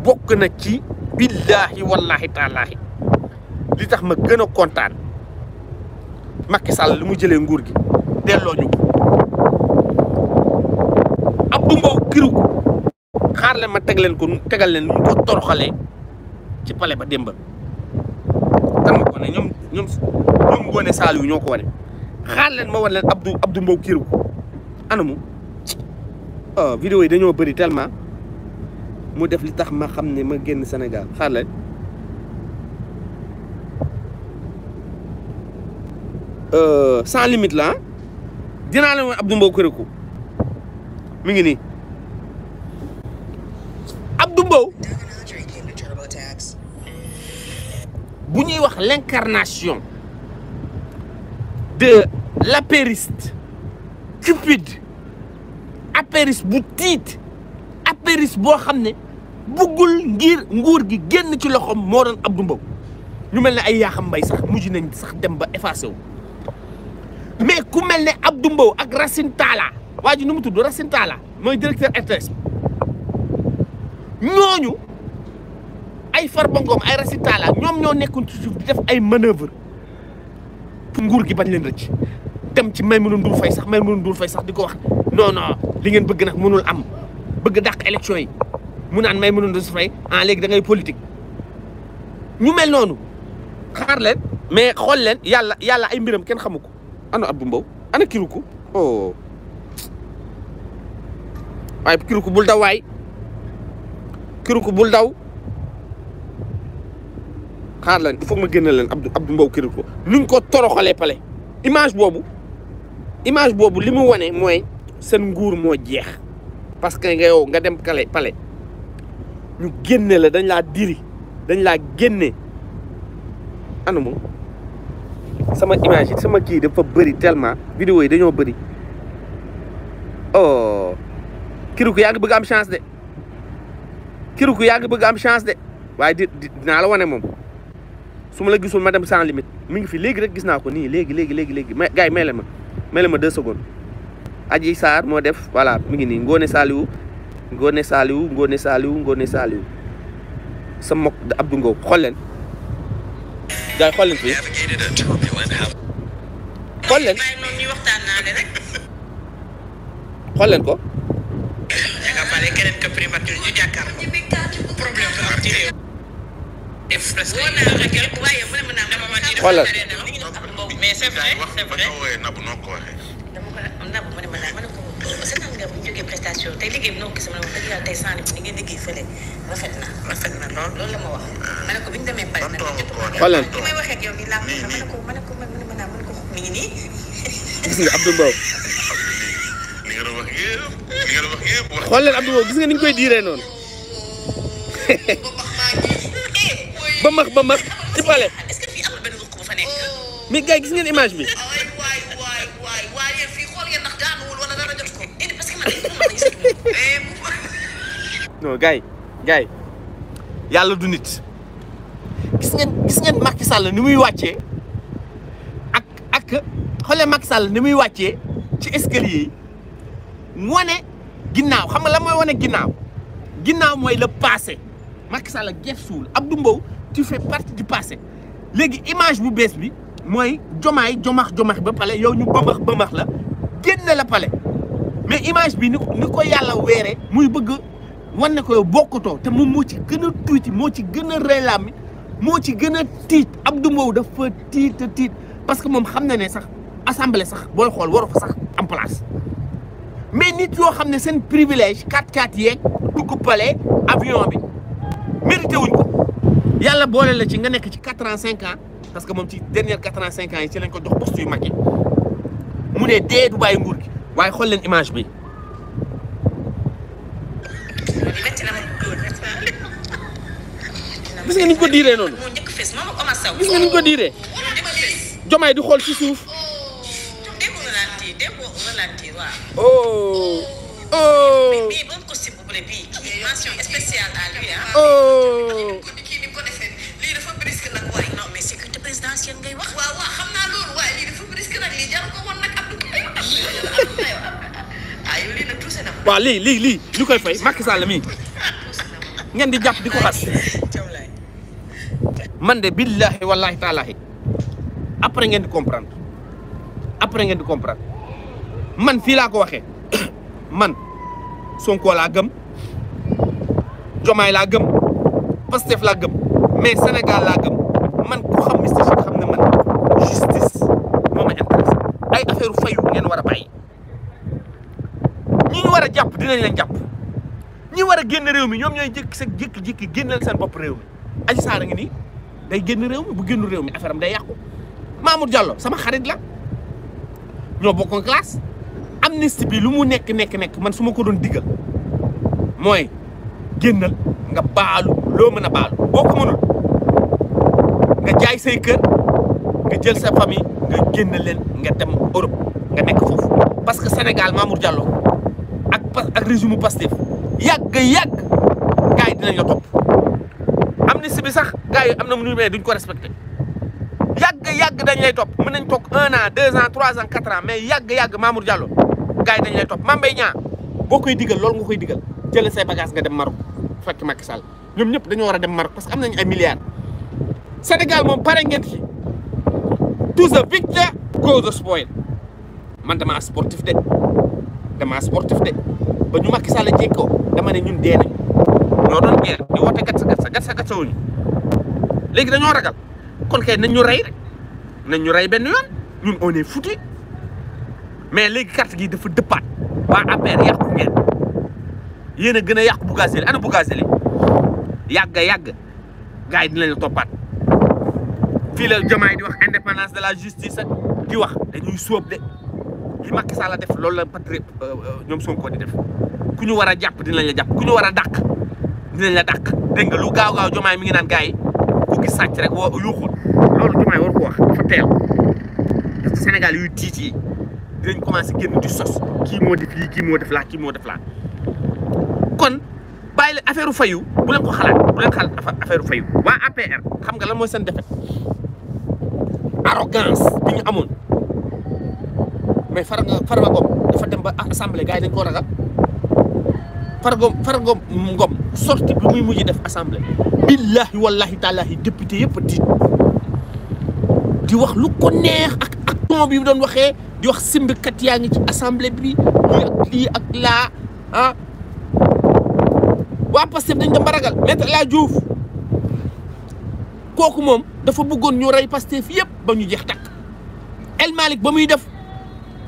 bokk na ci billaahi wallaahi taalaahi li tax ma gën a kontaan Macky Sall li mu jëlee nguur gi delloo ñu ko Abdou Mbow kiru ko ma teg leen ko tegal leen mu ko toroxalee ci pale ba démb tan ma ko ne ñoom ñoom ñoom Ngoone Saliou ñoo ko wane xaar leen ma wan leen Abdou Abdou Mbow kiru ko anamu ah, vidéo yi dañoo bëri tellement mu def li tax ma xam ne ma génn senegal xaar Euh, sans limite là. Dina le woon Abdou Mbow Kérékou mi ngi Abdou bu ñuy wax l'incarnation de l'apériste cupide apériste bu tiit apériste bo xamné ne buggul ngir nguur gi génn ci loxom mo doon Abdou Mbow ñu melni ay yaxam bay sax mujj nañ sax dem ba effacer wu mais ku mel ne ab Mbow ak Racine Talla waa ji nu mu tudd Racine taala mooy directeur RTS ñooñu ay Farba Ngom ay Racine Talla ñoom ñoo nekkoon ci suuf di def ay manœuvre pour nguur gi bañ leen rëcc tem ci Maimouna Ndour Faye sax Maimouna Ndour fay sax di ko wax non non li ngeen bëgg nag mënul am bëgg dàq élection yi mu naan Maimouna Ndour Faye ah léegi da ngay politique ñu mel noonu xaar leen mais xool leen yàlla yàlla ay mbiram kenn xamu ko. ana Abdou Mbow ana Kirikou oh waaye Kirikou bul dawaay waay Kirikou bul daw xaar leen il ma génne leen Abdou Abdou Mbow Kirikou luñ ko toroxalee pale image boobu image boobu li mu wane mooy seen nguur moo jeex parce que nga yow nga dem kale pale ñu génne la dañ laa diri dañ laa génne ana moom sama image yi sama kii dafa bëri tellement vidéo yi dañoo bëri oh Kirikou yaa ngi bëgg am chance de Kirikou yaa ngi bëgg am chance de waaye dinaa la wane moom su la gisoon ma dem sans limite mi ngi fi léegi rek gis naa ko nii léegi léegi léegi léegi mais gars yi may la ma may la ma deux secondes Adji Sarr moo def voilà mu ngi nii Ngone Saliou Ngone Saliou Ngone Saliou Ngone Saliou sa mokk Abdou Ngow xool gars yi xool leen fii xool leen xool leen ko. xoolal. mais c'est vrai c'est vrai. parce que nag nga bu ñu jógee prestation tey liggéey bi noo gis ma ne wax dëgg yàlla tey sànni bi ni ngeen liggéey fële ah. ko bi ñu demee pare nag li may waxee ak yow nii ko ma ne ma mi ngi nii eh, ba max ba max ci ngeen image bi ah. non gay gay yalla du nit gis ngeen gis ngeen Macky Sall ni muy wàccee ak ak xolé Macky Sall ni muy wàccee ci escalier yi ginnaw xam nga la mooy wane ginnaw ginnaaw mooy le passé Macky Sall geesuwul Abdou Mbow tu fais partie du passé légui image bu bees bi moy jomay jomax jomax ba palé yow ñu bëmbax bëmbax la génne la palé mais image bi ni ko yalla wéré muy bëgg wan ne ko yow bokkutoo te moom moo ci gën a tuuti moo ci gën a rey mi moo ci gën a tiit Abdou Mbow dafa tiit a tiit parce que moom xam na ne sax assemblée sax booy xool waru ko sax am mais nit yoo xam ne seen privilège 4x4 yeeg dugg palais avion bi mérité wuñ ko yàlla boole la ci nga nekk ci quatre ans cinq ans parce que moom ci dernier quatre ans cinq ans yi ci lañ ko jox poste yu mag yi mu ne dee du bàyyi nguur gi waaye xool leen image bi métti na ma góor ni ñu ko diiree noonu. moo njëkk fes moom ak Omar Sow. ni ñu ko diiree. jomaay di xool ci suuf. déggoo ralenti déggoo ko defee ko woon nag Abdou Karim. waaw lii lii lii ñu koy fay Macky Sall mii ngeen di jàpp di ko xas man de billaahi wallaahi taalaahi après ngeen di comprendre après ngeen di comprendre man fii laa ko waxee man Sonko laa gëm Jomaay laa gëm Pastef laa gëm mais Sénégal laa gëm man ku xam Mister Shake xam ne man justice moo ma ay affaire fayu ngeen war a bàyyi. wara japp dinañ leen japp ñi wara genn génn réew mi ñom ñoy jëkk sa jékki-jékki génneel seen bop réew mi Adji Sarr ngi ni day genn réew mi bu gennu réew mi affaire am day yàqu Mamour Diallo sama xarit la ño bokkon classe amnistie bi lu mu nek nek nek man suma ko doon diggal moy gennal nga balu lo meuna balu baalu boo mënul nga jaay sey keur nga jël sa famille nga gennal len nga dem Europe nga nek fofu parce que senegal Mamour Diallo ak régime Pastef yag yag gaay dinañ la topp amnistie bi sax gaay amna am na ñu mee duñ ko respecté yag yag dañ lay top mën nañ toog un an 2 ans 3 ans 4 ans mais yag yag Mamour Diallo gaay dañ lay top mambay ñaan Niang diggal koy nga koy diggal jël say bagage nga dem Maroc fekk Macky Sall ñom ñep dañu wara dem Maroc parce que am ay milliards Sénégal mom paré ngeen ci to the victoire cause the spoil man dama sportif de dama sportif de. ba ñu Macky Sall jég dama ne ñun dee nañ ñoo doon guerre di woote gat sa gat sa gat sa gat sa wuñu léegi dañoo ragal kon kay nañ ñu rey rek nañ ñu rey benn yoon ñun on est mais léegi carte gi dafa dëppaat waa APR yàqu ngeen yéen a gën a yàqu Bougazelli ana Bougazelli yàgg yàgg gars yi dinañ toppaat fii la Diomaye di wax indépendance de la justice ak di wax dañuy sóob de. lima Macky Sall def loolu la patriote euh, ñoom Sonko di def ku ñu war a jàpp dinañ la jàpp ku ñu war a dinañ la dàq dégg nga lu gaaw gaaw jomaay mi ngi naan gars yi ku gis sàcc rek woo yuuxul loolu jomaay war ko wax dafa teel parce que Sénégal yuy tiit dinañ commencé génn di sos kii moo def lii kii moo def laa kii moo def laa kon bàyyi leen fayu bu leen ko xalaat bu leen xalaat affaire fayu wa APR xam nga lan mooy seen defet arrogance bi ñu amoon mais Farba Farba Ngom dafa dem ba assemblée gars yi dañ koo ragal Farba Farba Ngom sorti bi muy mujj def assemblée billahi wallahi taalahi député yëpp di di wax lu ko neex ak ak ton bi doon waxee di wax simbikat yaa ngi ci assemblée bi lii ak lii ak laa ah waa Pastef dañ dem ba ragal maître laa Diouf kooku moom dafa bëggoon ñu rey Pastef yëpp ba ñu jeex takk El Malick ba muy def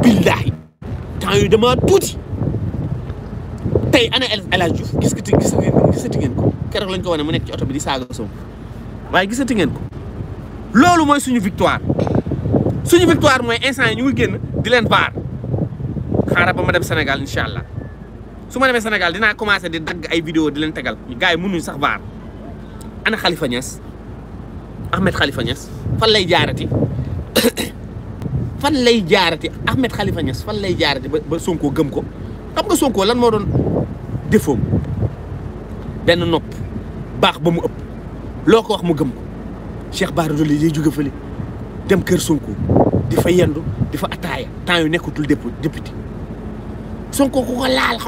billahi temps yu dama tuuti tey ana El Hadj Diouf gis nga gis gisati ngeen ko keroog lañ ko wone mu nek ci auto bi di saaga so, waaye gisati ngeen ko loolu moy suñu victoire suñu victoire moy instant ñu ngi genn di len baar xara ba ma dem senegal inshallah allah su ma demee Sénégal di dag ay vidéo di len tegal gaay yi mënuñ sax baar ana Khalifa Niass Ahmed Khalifa Niass fa lay jaarati fan lay jaarati Ahmed Khalifa Niass fan lay jaarati ba Sonko gëm ko Sonko lan mo don ben nop bax ba mu wax mu Cheikh dem Sonko difa yendu difa ataya tan yu député Sonko kuko laal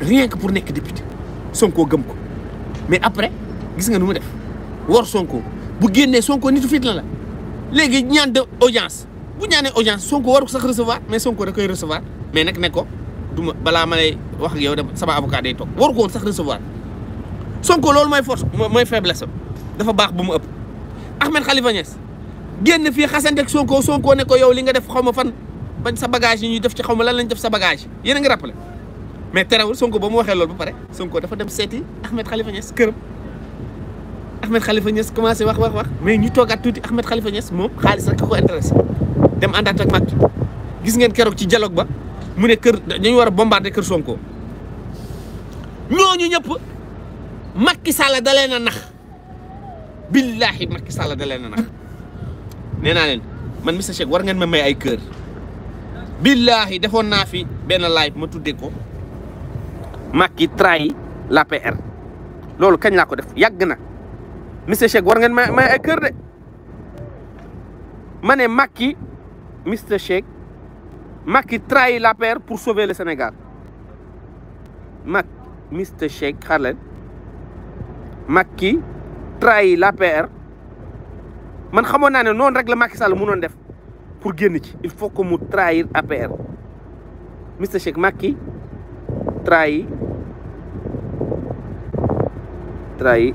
rien que pour nek député Sonko mais après gis nga def wor Sonko bu Sonko légui ñaan de audience bu ñaané audience Sonko waru sax recevoir mais Sonko da koy recevoir mais nak ne duma bala ma lay wax ak yow dem sama avocat day tok waru ko sax recevoir Sonko loolu moy force moy faiblesse dafa bax bu mu upp Ahmed Khalifa ness genn fi xassante ak Sonko Sonko ne yow li nga def xawma fan bañ sa bagage yi ñuy def ci xawma lan lañ def sa bagage yeen nga ngi rappelé mais terewul Sonko ba mu waxee loolu ba pare Sonko dafa dem seeti Ahmed Khalifa ness kërëm Ahmed Khalifa Niass commencé wax wax wax mais ñu togat tuuti Ahmed Khalifa Niass mom xaliss rek ko intéressé dem andat ak Macky gis ngeen kérok ci dialogue ba mu ne kër dañu wara bombarder kër Sonko ñoñu ñëpp Macky Sall da leena nax billahi Macky Sall da leena nax neena len man Mister Cheikh war ngeen ma may ay kër billahi defon na fi ben live ma tuddé ko Macky trahi PR kagn la ko def Mister Shake war ngeen may may ay de Macky Mister Shake Macky trahit la paire pour sauver le Sénégal Macky Mister Shake xaar Macky trahit la paire man xamoon naa ne non rek la Macky Sall pour sortir..! il faut que mu trahir APR Mister Shake Macky trahit trahit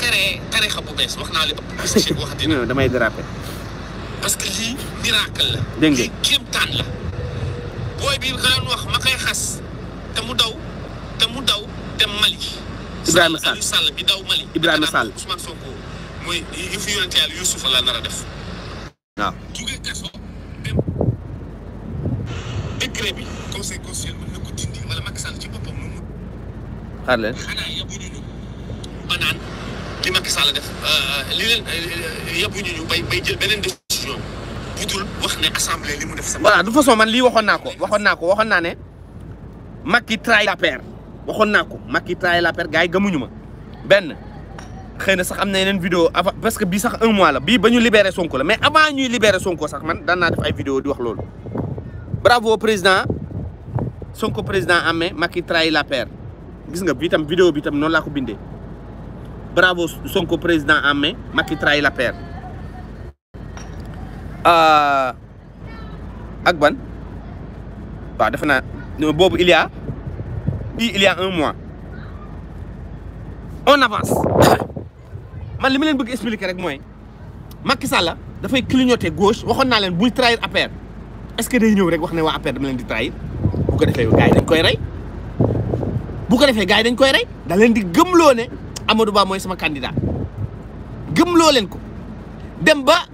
créé tarixa bu bees wax naa li damay déraper. parce que lii miracle la. dégg nga lii kéemtaan la. booy bii nga doon wax ma koy xas te mu daw te Mali. Ibrahima Sall bi daw Mali. Ibrahima Sall Ousmane Sonko mooy yu fi bi conseil constitutionnel mën na ko dindi wala Macky ci boppam mu. xaar leen xanaa yabuñu ñu ba naan. li Macky Sall def euh, euh, li leen euh, wax ne assemblée li mu def. voilà de façon man lii waxoon naa ko waxoon naa ko waxoon naa ne Macky trahit l'APR waxoon naa ko Macky trahit l'APR gars yi gëmuñu ma benn xëy na sax am na yeneen vidéo avant parce que bii sax un mois la bii ba ñu libéré Sonko la mais avant ñuy libéré Sonko sax man daan naa def ay vidéo di wax loolu bravo président Sonko président amee Macky trahit l'APR gis nga bii tam vidéo bi tam noonu laa ko bindee. bravo Sonko président en main Macky trahit la euh, ak ban waaw defe naa boobu il y a bii il y un mois on avance man li ma leen bëgg expliquer rek mooy Macky Sall dafay clignoter gauche waxoon naa leen buy trahir APR est-ce que day ñëw rek wax ne waa APR dama leen di trahir bu ko defee gars dañ koy rey bu ko defee gars dañ koy rey da di gëmloo ne amadou ba moy sama candidat lo len ko dem ba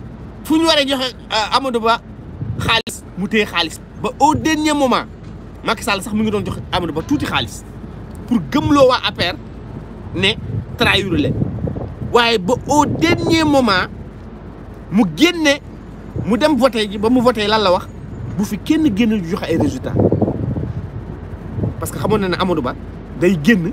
fu waré joxe euh, amadou ba khalis mu téye xaalis ba au dernier moment Macky Sall sax mu ngi doon joxe amadou ba touti khalis pour lo wa aper ne trahir leen waye ba au dernier moment mu génné mu dem voter ji ba mu voter lan la wax bu fi kenn génn joxe ay résultats parce que xamone na Amadou Ba day génn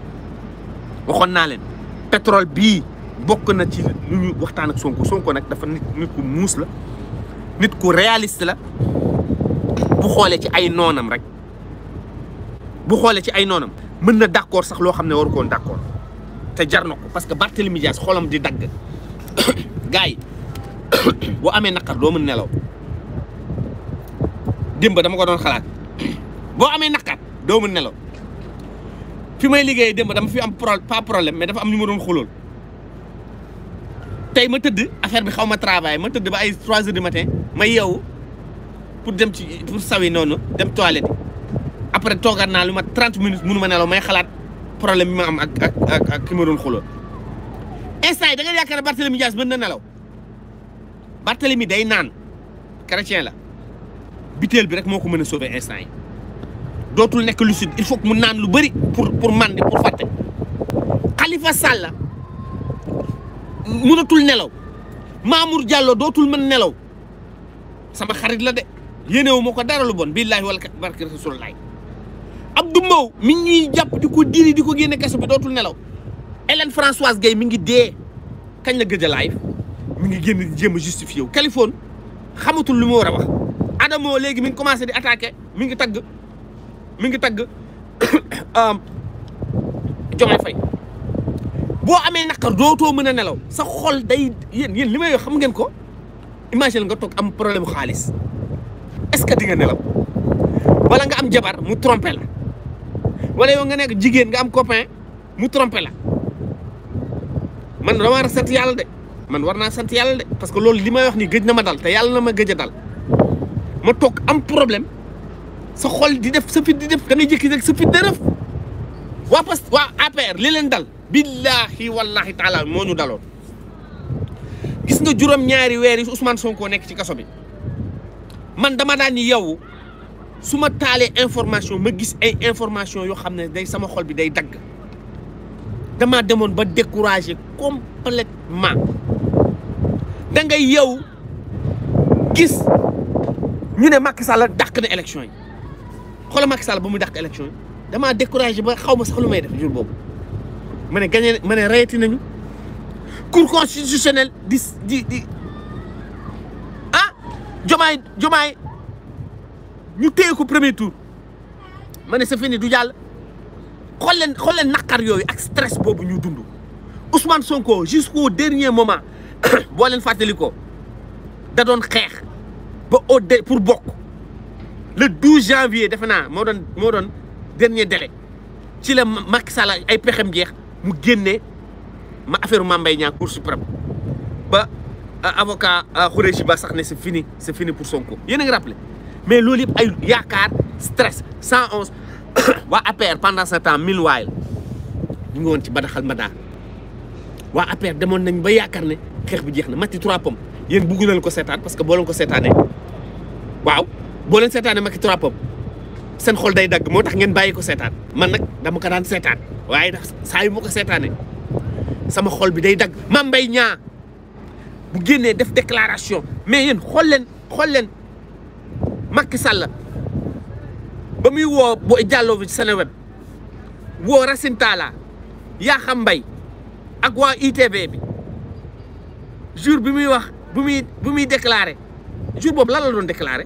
waxoon naa leen pétrole bii bokk na ci lu ñu waxtaan ak Sonko Sonko nag dafa nit ku muus la nit ku réaliste la bu xoolee ci ay noonam rek bu xoolee ci ay noonam mën na d'accord sax loo xam ne waru koon d'accord te jar na ko parce que Barthélemy Dias xolam di dagg gars yi boo amee naqar doo mën nelaw démb dama ko doon xalaat boo amee naqar doo mën nelaw fi may liggéeyee démb dama fi am pro pas problème mais dafa am ñu ma doon tey ma tëdd affaire bi xaw ma travail ma tëdd ba ay 3 heures du matin ma yeewu pour dem ci pour sawi noonu dem toilette après toogaat naa lu ma 30 minutes mënu ma nelaw may xalaat problème bi ma am ak ak ak ak ki ma doon xulool instant yi da nga yaakaar ne Barthélemy Dias mën na nelaw Barthélemy day naan chrétien la biteel bi rek moo ko mën a sauver instant yi dotul nek lucide il faut que mu nan lu beuri pour pour màndi pour faté Khalifa Sall mënatul nelaw Mamour Diallo dotul man nelaw sama xarit la de yéenewu ma ko dara lu bon billahi wal barakatu rasulullah Abdou Mbow mi ñuy japp di ko diri di ko génne kaso bi dotul nelaw Hélène Françoise gay mi ngi dé kañ la gëj live mi ngi gene jëm justifier wu Californie xamatul lu mo wara wax Adamo légui mi ngi commencé di attaquer mi ngi tagg mi ngi tag um, Diomaye jomay fay bo amé nakar doto a nelaw sa xol day yeen yeen limay xam ngeen ko imagine nga tok am problème xaliss est-ce que di nga nelaw wala nga am jabar mu tromper la wala yow nga nek jigen nga am copain mu tromper la man dama rasat a de man warna naa sant de parce que lolou limay wax ni gëj ma dal te yalla na ma gëj dal ma tok am problème sa xol di def sa fit di def da ngay jékki rek sa fit day def waa Past waa APR li leen dal billaahi wallaahi taala moo ñu daloo gis nga juróom ñaari weer yi Ousmane nekk ci kaso bi man dama daan ni yow su ma taalee information ma gis ay information yoo xam ne day sama xol bi day dagg dama demoon ba découragé complètement da ngay yow gis ñu ne Macky Sall dàq na élection yi xoolal Macky Sall ba muy dàq élection yi damaa découragé ba xaw ma sax lu may def jour boobu ma ne gagné ma ne rayati nañu cour constitutionnelle di di di ah jomaay jomaay ñu téye ko premier tour ma ne c'est du jàll xool leen xool leen naqar yooyu ak stress boobu ñu dund Ousmane Sonko jusqu'au dernier moment boo leen fàttali ko da doon xeex ba au pour bokk. le 12 janvier defena naa moo doon moo dernier délai ci la Macky Sall ay pexem diex mu guenné ma affaire Mame Mbaye Niang Cour suprême ba avocat Khouréchi Ba sax né c'est fini c'est fini pour Sonko yéen a rappeler mais loolu yëpp ay yakar stress 111 wa APR pendant ce temps mille ñu ngi woon ci badaxal ma wa waa APR demoon nañ ba yakar né xex bi diex na matti trois pommes yéen bugg leen ko sétane parce que boo leen ko sétané waaw. boo leen seetaanee Macky trop am seen xool day dagg moo tax ngeen bàyyi ko seetaan man nag dama ko daan seetaan waaye ndax saa yu ma ko seetaanee sama xool bi day dagg Mame mbay Niang bu génnee def déclaration mais yéen xool leen xool leen makk Sall ba muy woo bo Diallo bi Seneweb woo Racine Talla Yakham mbay ak waa ITV bi jour bi muy wax bu muy bu muy déclaré jour boobu lan la doon déclaré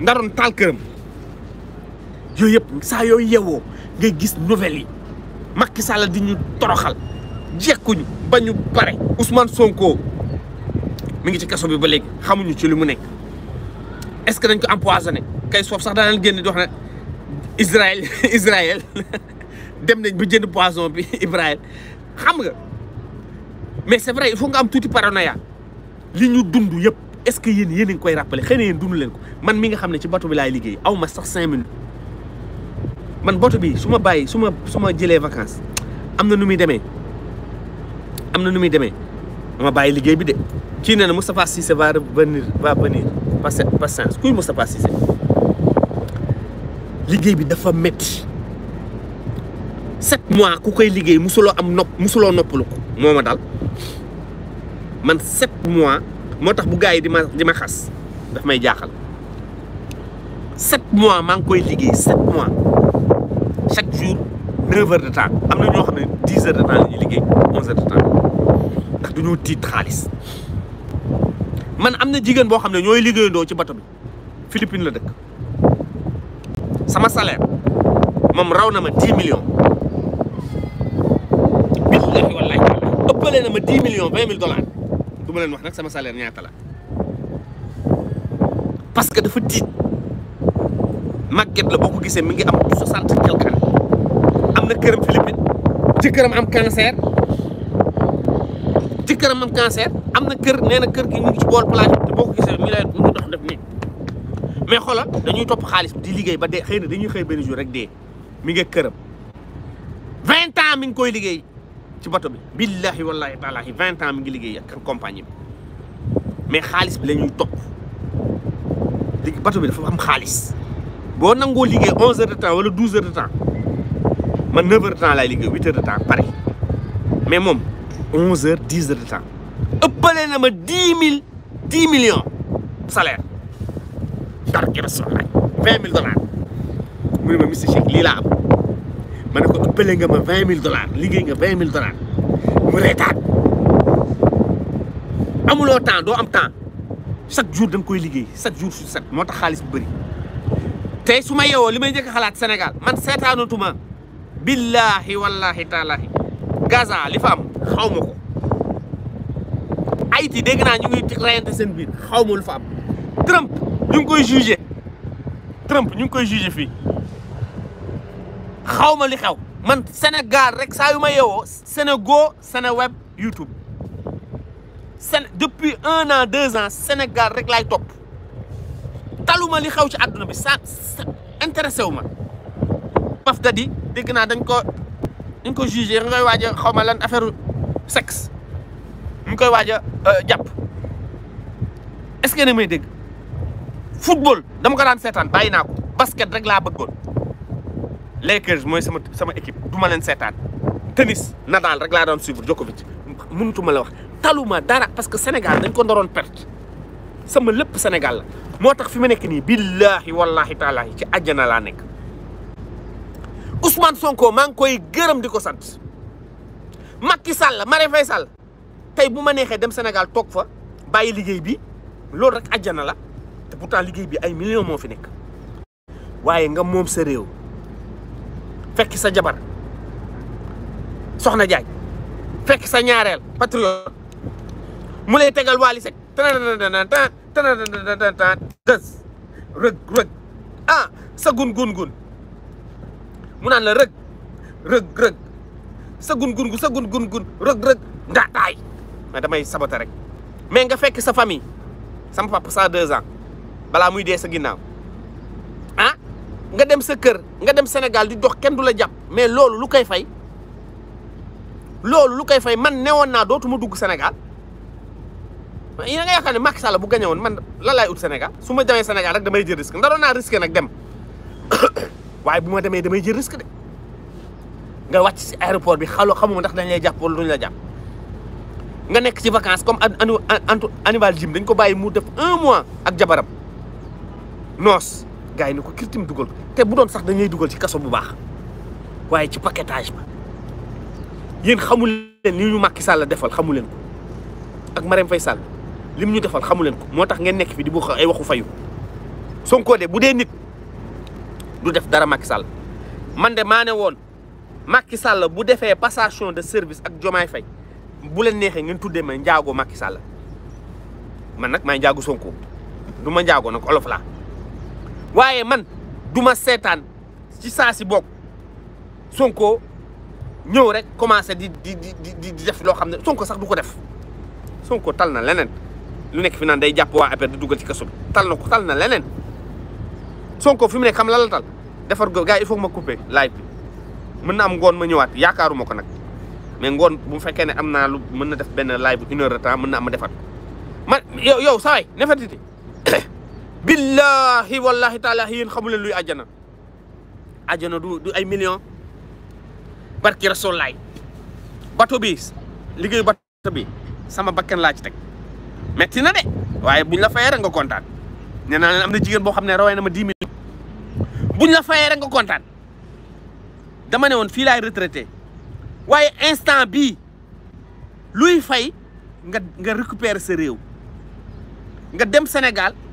ndaron taal këram sa yëpp yewo yooyu yeewoo ngay gis nouvelle yi Macky Sall di ñu toroxal jekkuñu bañu paré pare Ousmane Sonko mi ngi ci kasso bi ba légui xamuñu ci limu mu nekk est-ce que dañ ko empoisonné kay sof sax daan genn di Israël Israël dem nañ bu jënd poison bi Israël xam nga mais c'est vrai il faut nga am touti paranoïa li ñu dundu est ce que yene yene a ngi koy rappeler que vous ko man mi nga xamne ci bateau bi lay awma sax man bateau bi suma baye suma suma vacances vous nu muy demee am dama bi de va venir va venir vous kuy Moustapha Cissé bi dafa 7 mois ku koy vous musulo am nopp musulo dal man 7 mois moo tax bu gaa yi di ma di ma xas daf may jaaxal sept mois maa ngi koy liggéey sept mois chaque jour neuf de temps am na ñoo xam ne dix heures de temps la ñuy liggéey onze de temps du ñu tiit xaalis man am na jigéen boo xam ne ñooy liggéeyandoo ci bato bi Philippines la dëkk sama salaire moom raw na ma dix millions billahi wallahi ëppale na ma dix millions vingt mille dollars du ma leen wax nag sama salaire ñaata la parce que dafa tiit màgget la boo ko gisee mi ngi am soixante quelque année am na këram Philippines jëkkëram am cancer jëkkëram am cancer am na kër nee na kër gi ñu ngi ci bool plage te boo ko gisee mu ngi dox def nii mais xoolal dañuy topp xaalis di liggéey ba de xëy na dañuy xëy benn jour rek de mi ngi këram vingt ans mi ngi koy liggéey ci bato bi billahi wallahi taalaahi vingt ans mi ngi liggéey ak compagnie bi mais xaalis bi la ñuy topp léegi bato bi dafa am xaalis boo nangoo liggéey onze heures de temps wala douze heures de temps man neuf heures de temps laay liggéey huit heures de temps pare mais moom onze heures dix heures de tan ëppale na ma dix mille dix millions salaire dar kebes vingt mille dollars mu ma Mister Shake lii laa am ma ne ko ëppale nga ma vingt mille dollars liggéey nga vingt mille dollars mu reetaat amuloo temps doo am temps chaque jour da koy liggéey chaque jour su set moo tax xaalis bu bëri tey su ma yeewoo li may njëkk xalaat Sénégal man seetaanutuma billahi wallahi taalahi Gaza li fa am xaw ma ko Haïti dégg naa ñu ngi reyante seen biir xaw ma lu fa am Trump ñu koy jugé Trump ñu koy jugé fii xaw ma li xew man Sénégal rek saa yu ma yeewoo Sénégo Sénéweb YouTube Séné depuis un an deux ans Sénégal rek laay topp taluma li xew ci àdduna bi sa intéressé wu ma. Maf Dadi dégg naa dañ ko dañ ko jugé nga koy waaj a xaw ma lan affaire sexe mu koy waaj a euh, jàpp est-ce que ne may dégg football dama ko daan seetaan bàyyi naa ko basket rek laa bëggoon. Lakers moy sama sama équipe duma len sétane tennis Nadal rek la doon suivre Djokovic mënutuma la wax taluma dara parce que Sénégal dañ ko ndoron perte sama lepp Sénégal la motax tax fi ma nekk nii billaahi wallaahi taalaahi ci aljana la nek Ousmane Sonko mang koy gërëm diko sante Macky Sall Marème Faye Sall tey bu ma dem Sénégal tok fa bayyi ligéy bi lool rek aljana la te pourtant ligéy bi ay millions mo fi nek waye nga mom sa rew fekk sa jabar soxna jaay fekk sa ñaarel patriote mu lay tegal Wally Seck tanananantan tanananantan dës rëg rëg ah sa gun gun gun mu nan la reug reug reug sa gun gun gu sa gun gun gun reug reug nda tay ma damay sabota rek mais nga fekk sa famille sama papa sa 2 ans bala muy dé sa ginnaw ah nga dem sa kër nga dem Sénégal di dox kenn dula japp fai mais loolu lu koy fay loolu lu koy fay man newoon naa dootuma dugg Sénégal yéen nga yaakaar ne bu woon man la lay ut Senegal su ma demee Sénégal rek damay jël risque ndaro naa risqué nag dem waaye bu ma demee damay jël risque de nga wàcc si aéroport bi xalu xamuma ndax dañ lay jàpp wala duñ la jàpp nga nekk ci vacances comme anu anu Hannibal Jim dañ ko bàyyi mu def un mois ak jabaram noos. gars yi ni ko kirtim dugal te bu doon sax dañuy dugal ci kaso bu baax waaye ci paquetage ba yéen xamul leen li ñu Macky Sall defal xamu leen ko ak fay Faye li mu ñu defal xamu leen ko moo tax ngeen nekk fi di bokk ay waxu fayu Sonko de bu dee nit du def dara Macky Sall man de maa ne woon Macky sàll bu defee passation de service ak Jomaay Faye bu leen neexee ngeen tuddee may njaago Macky Sall man nag maay njaago Sonko du ma njaago nag olof laa waye man duma setan ci sa ci bok Sonko ñew rek commencer di di di di def lo xamne di, Sonko sax duko di, def Sonko tal na di, lu nek fi nan day japp wa di, di dugal ci kasso di, tal na ko tal na di, Sonko fi mu nek xam la la tal defar go gaay il faut ma couper live bi mën na am di, ma ñewat di, ko nak mais di, bu fekke ne am di, lu mën na def di, live di, une heure de temps mën na am di, di, man yow yow di, nefatiti di, billahi wallahi taala yéen xamu leen luy àjjana àjjana du du ay million barki rasul laay bato bi liggéeyu bato bi sama bakkan laa ci teg metti na de waaye buñ la fayee rek nga kontaan nee naa leen am na jigéen boo xam ne rawee na ma dix buñ la fayee rek nga kontaan dama ne woon fii lay retraité waaye instant bi luy fay nga nga récupérer sa réew nga dem senegal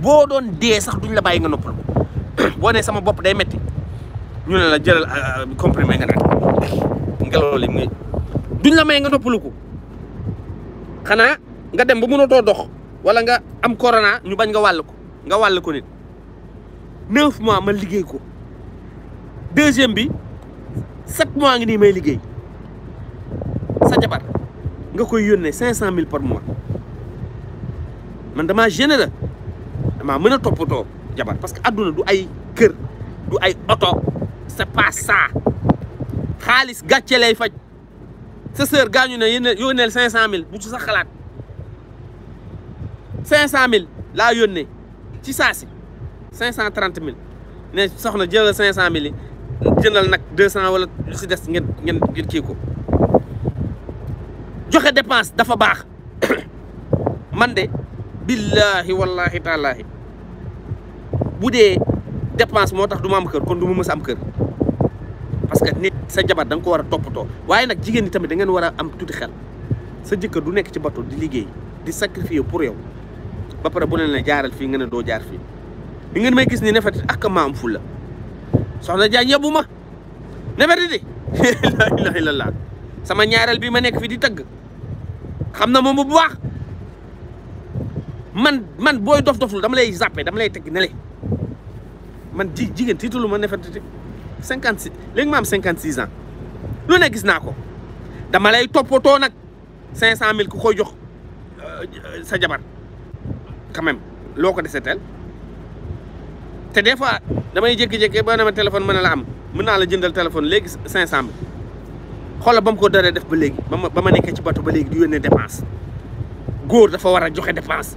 boo doon dee sax duñu la bàyyi nga noppal ko boo nee sama bopp day metti ñu ne la jëlal ah, ah, comprimé nga naan ngelaw li muy la may nga noppalu ko xanaa nga dem ba mënatoo dox wala nga am corona ñu bañ nga wàll ko nga wàll ko nit neuf mois ma liggéey ko deuxième bi sept mois ngi nii may liggéey sa jabar nga koy yónnee cinq cent mille par mois man dama généreux damaa mën a toppatoo jabar parce que àdduna du ay kër du ay oto c'est pas ça xaalis gàcce lay faj sa sœur gaañu ne yéen yónneel cinq cent mille bu ci sa xalaat cinq cent mille laa yónnee ci saasi cinq cent trente mille ne soxna jëlal cinq cent mille yi jëndal nag deux cent wala si des ngeen ngeen ngeen kii ko joxe dépense dafa baax man de billahi wallahi taalahi bu dépense motax duma am kër kon duma mësa am kër parce que nit sa jabar dang ko wara a toppatoo waaye nag jigéen ñi tamit da ngeen wara am tuti xel sa jëkkër du nekk ci bato di liggéey di sacrifier pour yow ba paré bu leen la jaaral fi nga do jaar fi bi ngeen may gis ni Nefertiti ak maa am fulla soxna Diagne yebuma ma di la ilaha illallah sama ñaaral bi ma nekk fi di tëgg xamna na bu baax man man booy dof-doflu dama lay zappé dama lay teg ne le man ji jigéen tiitalu ma ne fa cinquante six léegi ma am cinquante six ans lu ne gis naa ko dama lay toppatoo nag cinq cent mille ku koy jox euh, sa jabar quand même loo ko dese teel te des fois damay jékki-jékki ba ne ma téléphone mën na la am mën naa la jëndal téléphone léegi cinq cent mille xoolal ba mu ko daree def ba léegi ba ma ba ma nekkee ci bato ba léegi di ne dépense góor dafa war a joxe dépense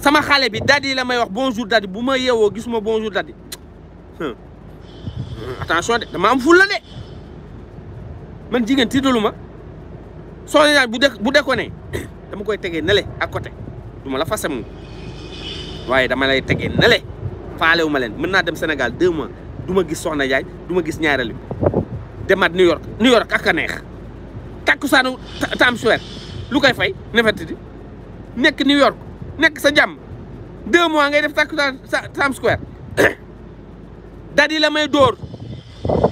sama xale bi Daddy la may wax bonjour Daddy bu ma yeewoo gis ma bonjour Daddy hmm. attention de dama am fulla de man jigéen tiitalu ma soo ne bu dee bu déconné dama koy tegee nele ak côté duma la fase moom waaye dama lay tegee nele faale wu ma leen mën naa dem senegal deux mois du ma gis Soxna Jaay du ma gis ñaareelu demaat New York New York ak a neex takku saanu Times Square lu koy fay nefetidi nekk New York. Nek sa jam deux mois ngay def takkusaan Times Square dadi la may dor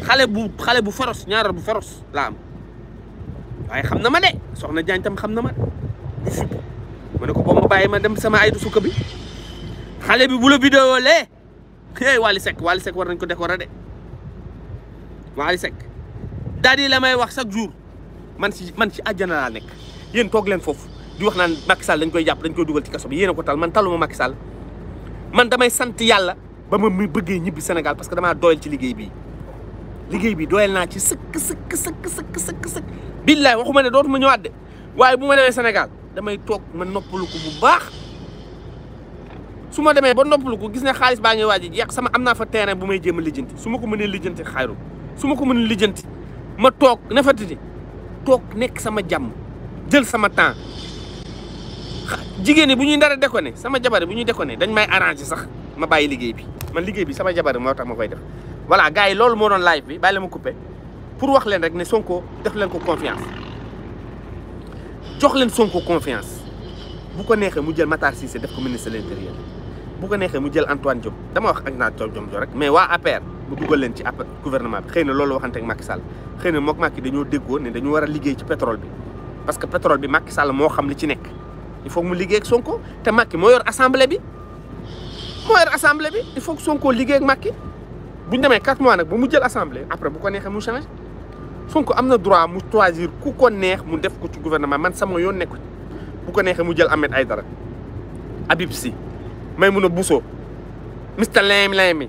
xalé bu xalé bu féroce ñaaral bu féroce la am waaye xamna ma de soxna jañ tam xamna ma mané ko boo ma ma dem sama ay du sukk bi xale bi bu lo vidéo lé hey wali sek wali sek war nañ ko décorer dé wali sek dadi la may wax chaque jour man ci man ci aljana la nek yeen tok len fofu di wax naan Macky Sall dañ koy jàpp dañ koy dugal ci kaso bi ko tal man taluma Macky man damay sant yàlla ba ma mu bëggee ñibbi Sénégal parce que damaa doyal ci liggéey bii liggéey bi doyal naa ci sëkk sëkk sëkk sëkk sëkk sëkk waxuma ne dootuma ñëwaat de waaye bu ma demee Sénégal damay toog ma noppalu ko bu baax su ma demee ba noppalu ko gis ne xaalis baa ngi waaj a jeex sama am naa fa terrain bu may jéem a lijjanti su ma ko mënee lijjanti xayru su ma ko mënee lijjanti ma toog nefatiti toog nekk sama jàmm jël sama temps jigéen suis ndara déconné sama jabar déconné dañ may arrangé sax ma liggéey bi man liggéey bi sama jabar tax ma def voilà gars yi doon live bi pour wax leen rek ne Sonko def ko confiance jox leen Sonko confiance bu ko neexee mu jël Matar Cissé def ministre de l'intérieur bu ko neexee mu jël Antoine Diop dama wax ak naa Diop Diop rek mais waa APR vous pouvez leen ci gouvernement bi loolu ak Macky Sall Macky dañoo déggoo ne dañu war a pétrole parce que pétrole bi Macky Sall moo xam li ci il mu liggéey ak Sonko te Macky moo yor assemblée bi moo yor assemblée bi il faut Sonko liggéey ak Macky bu ñu demee quatre mois nag bu mu jël assemblée après bu ko neexee mu changé Sonko am na droit mu choisir ku ko neex mu def ko ci gouvernement man sama yoon nekku bu ko neexee mu jël Ahmed Aïdara Habib Sy Maïmouna Bousso mister Laymi Laymi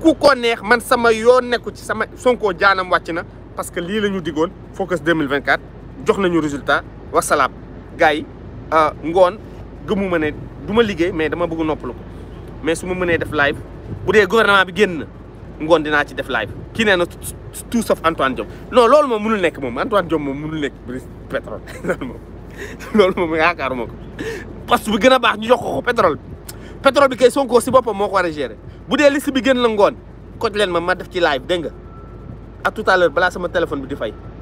ku ko neex man sama yoon nekku ci sama Sonko jaanam wàcc na parce que lii la ñu digoon focus 2024 jox nañu résultat wasalaam gars yi Ah, ngoon gëmuma ne duma ma mais dama bëgg noppalu ko mais suma mëne def live bu dee gouvernement bi génn ngoon dina ci def live ki nee na tout sauf Antoine diom non lool mo mënul nek mom Antoine diom mo mënul nek pétrole lool mo mo yaakar yaakaaruma ko parce bu gëna a ñu jox ko pétrole pétrole bi kay Sonko si boppam moo ko a gérer bu dee liste bi génn la ngoon ko leen ma ma def ci live dénga à tout à l'heure bala sama téléphone bi di fay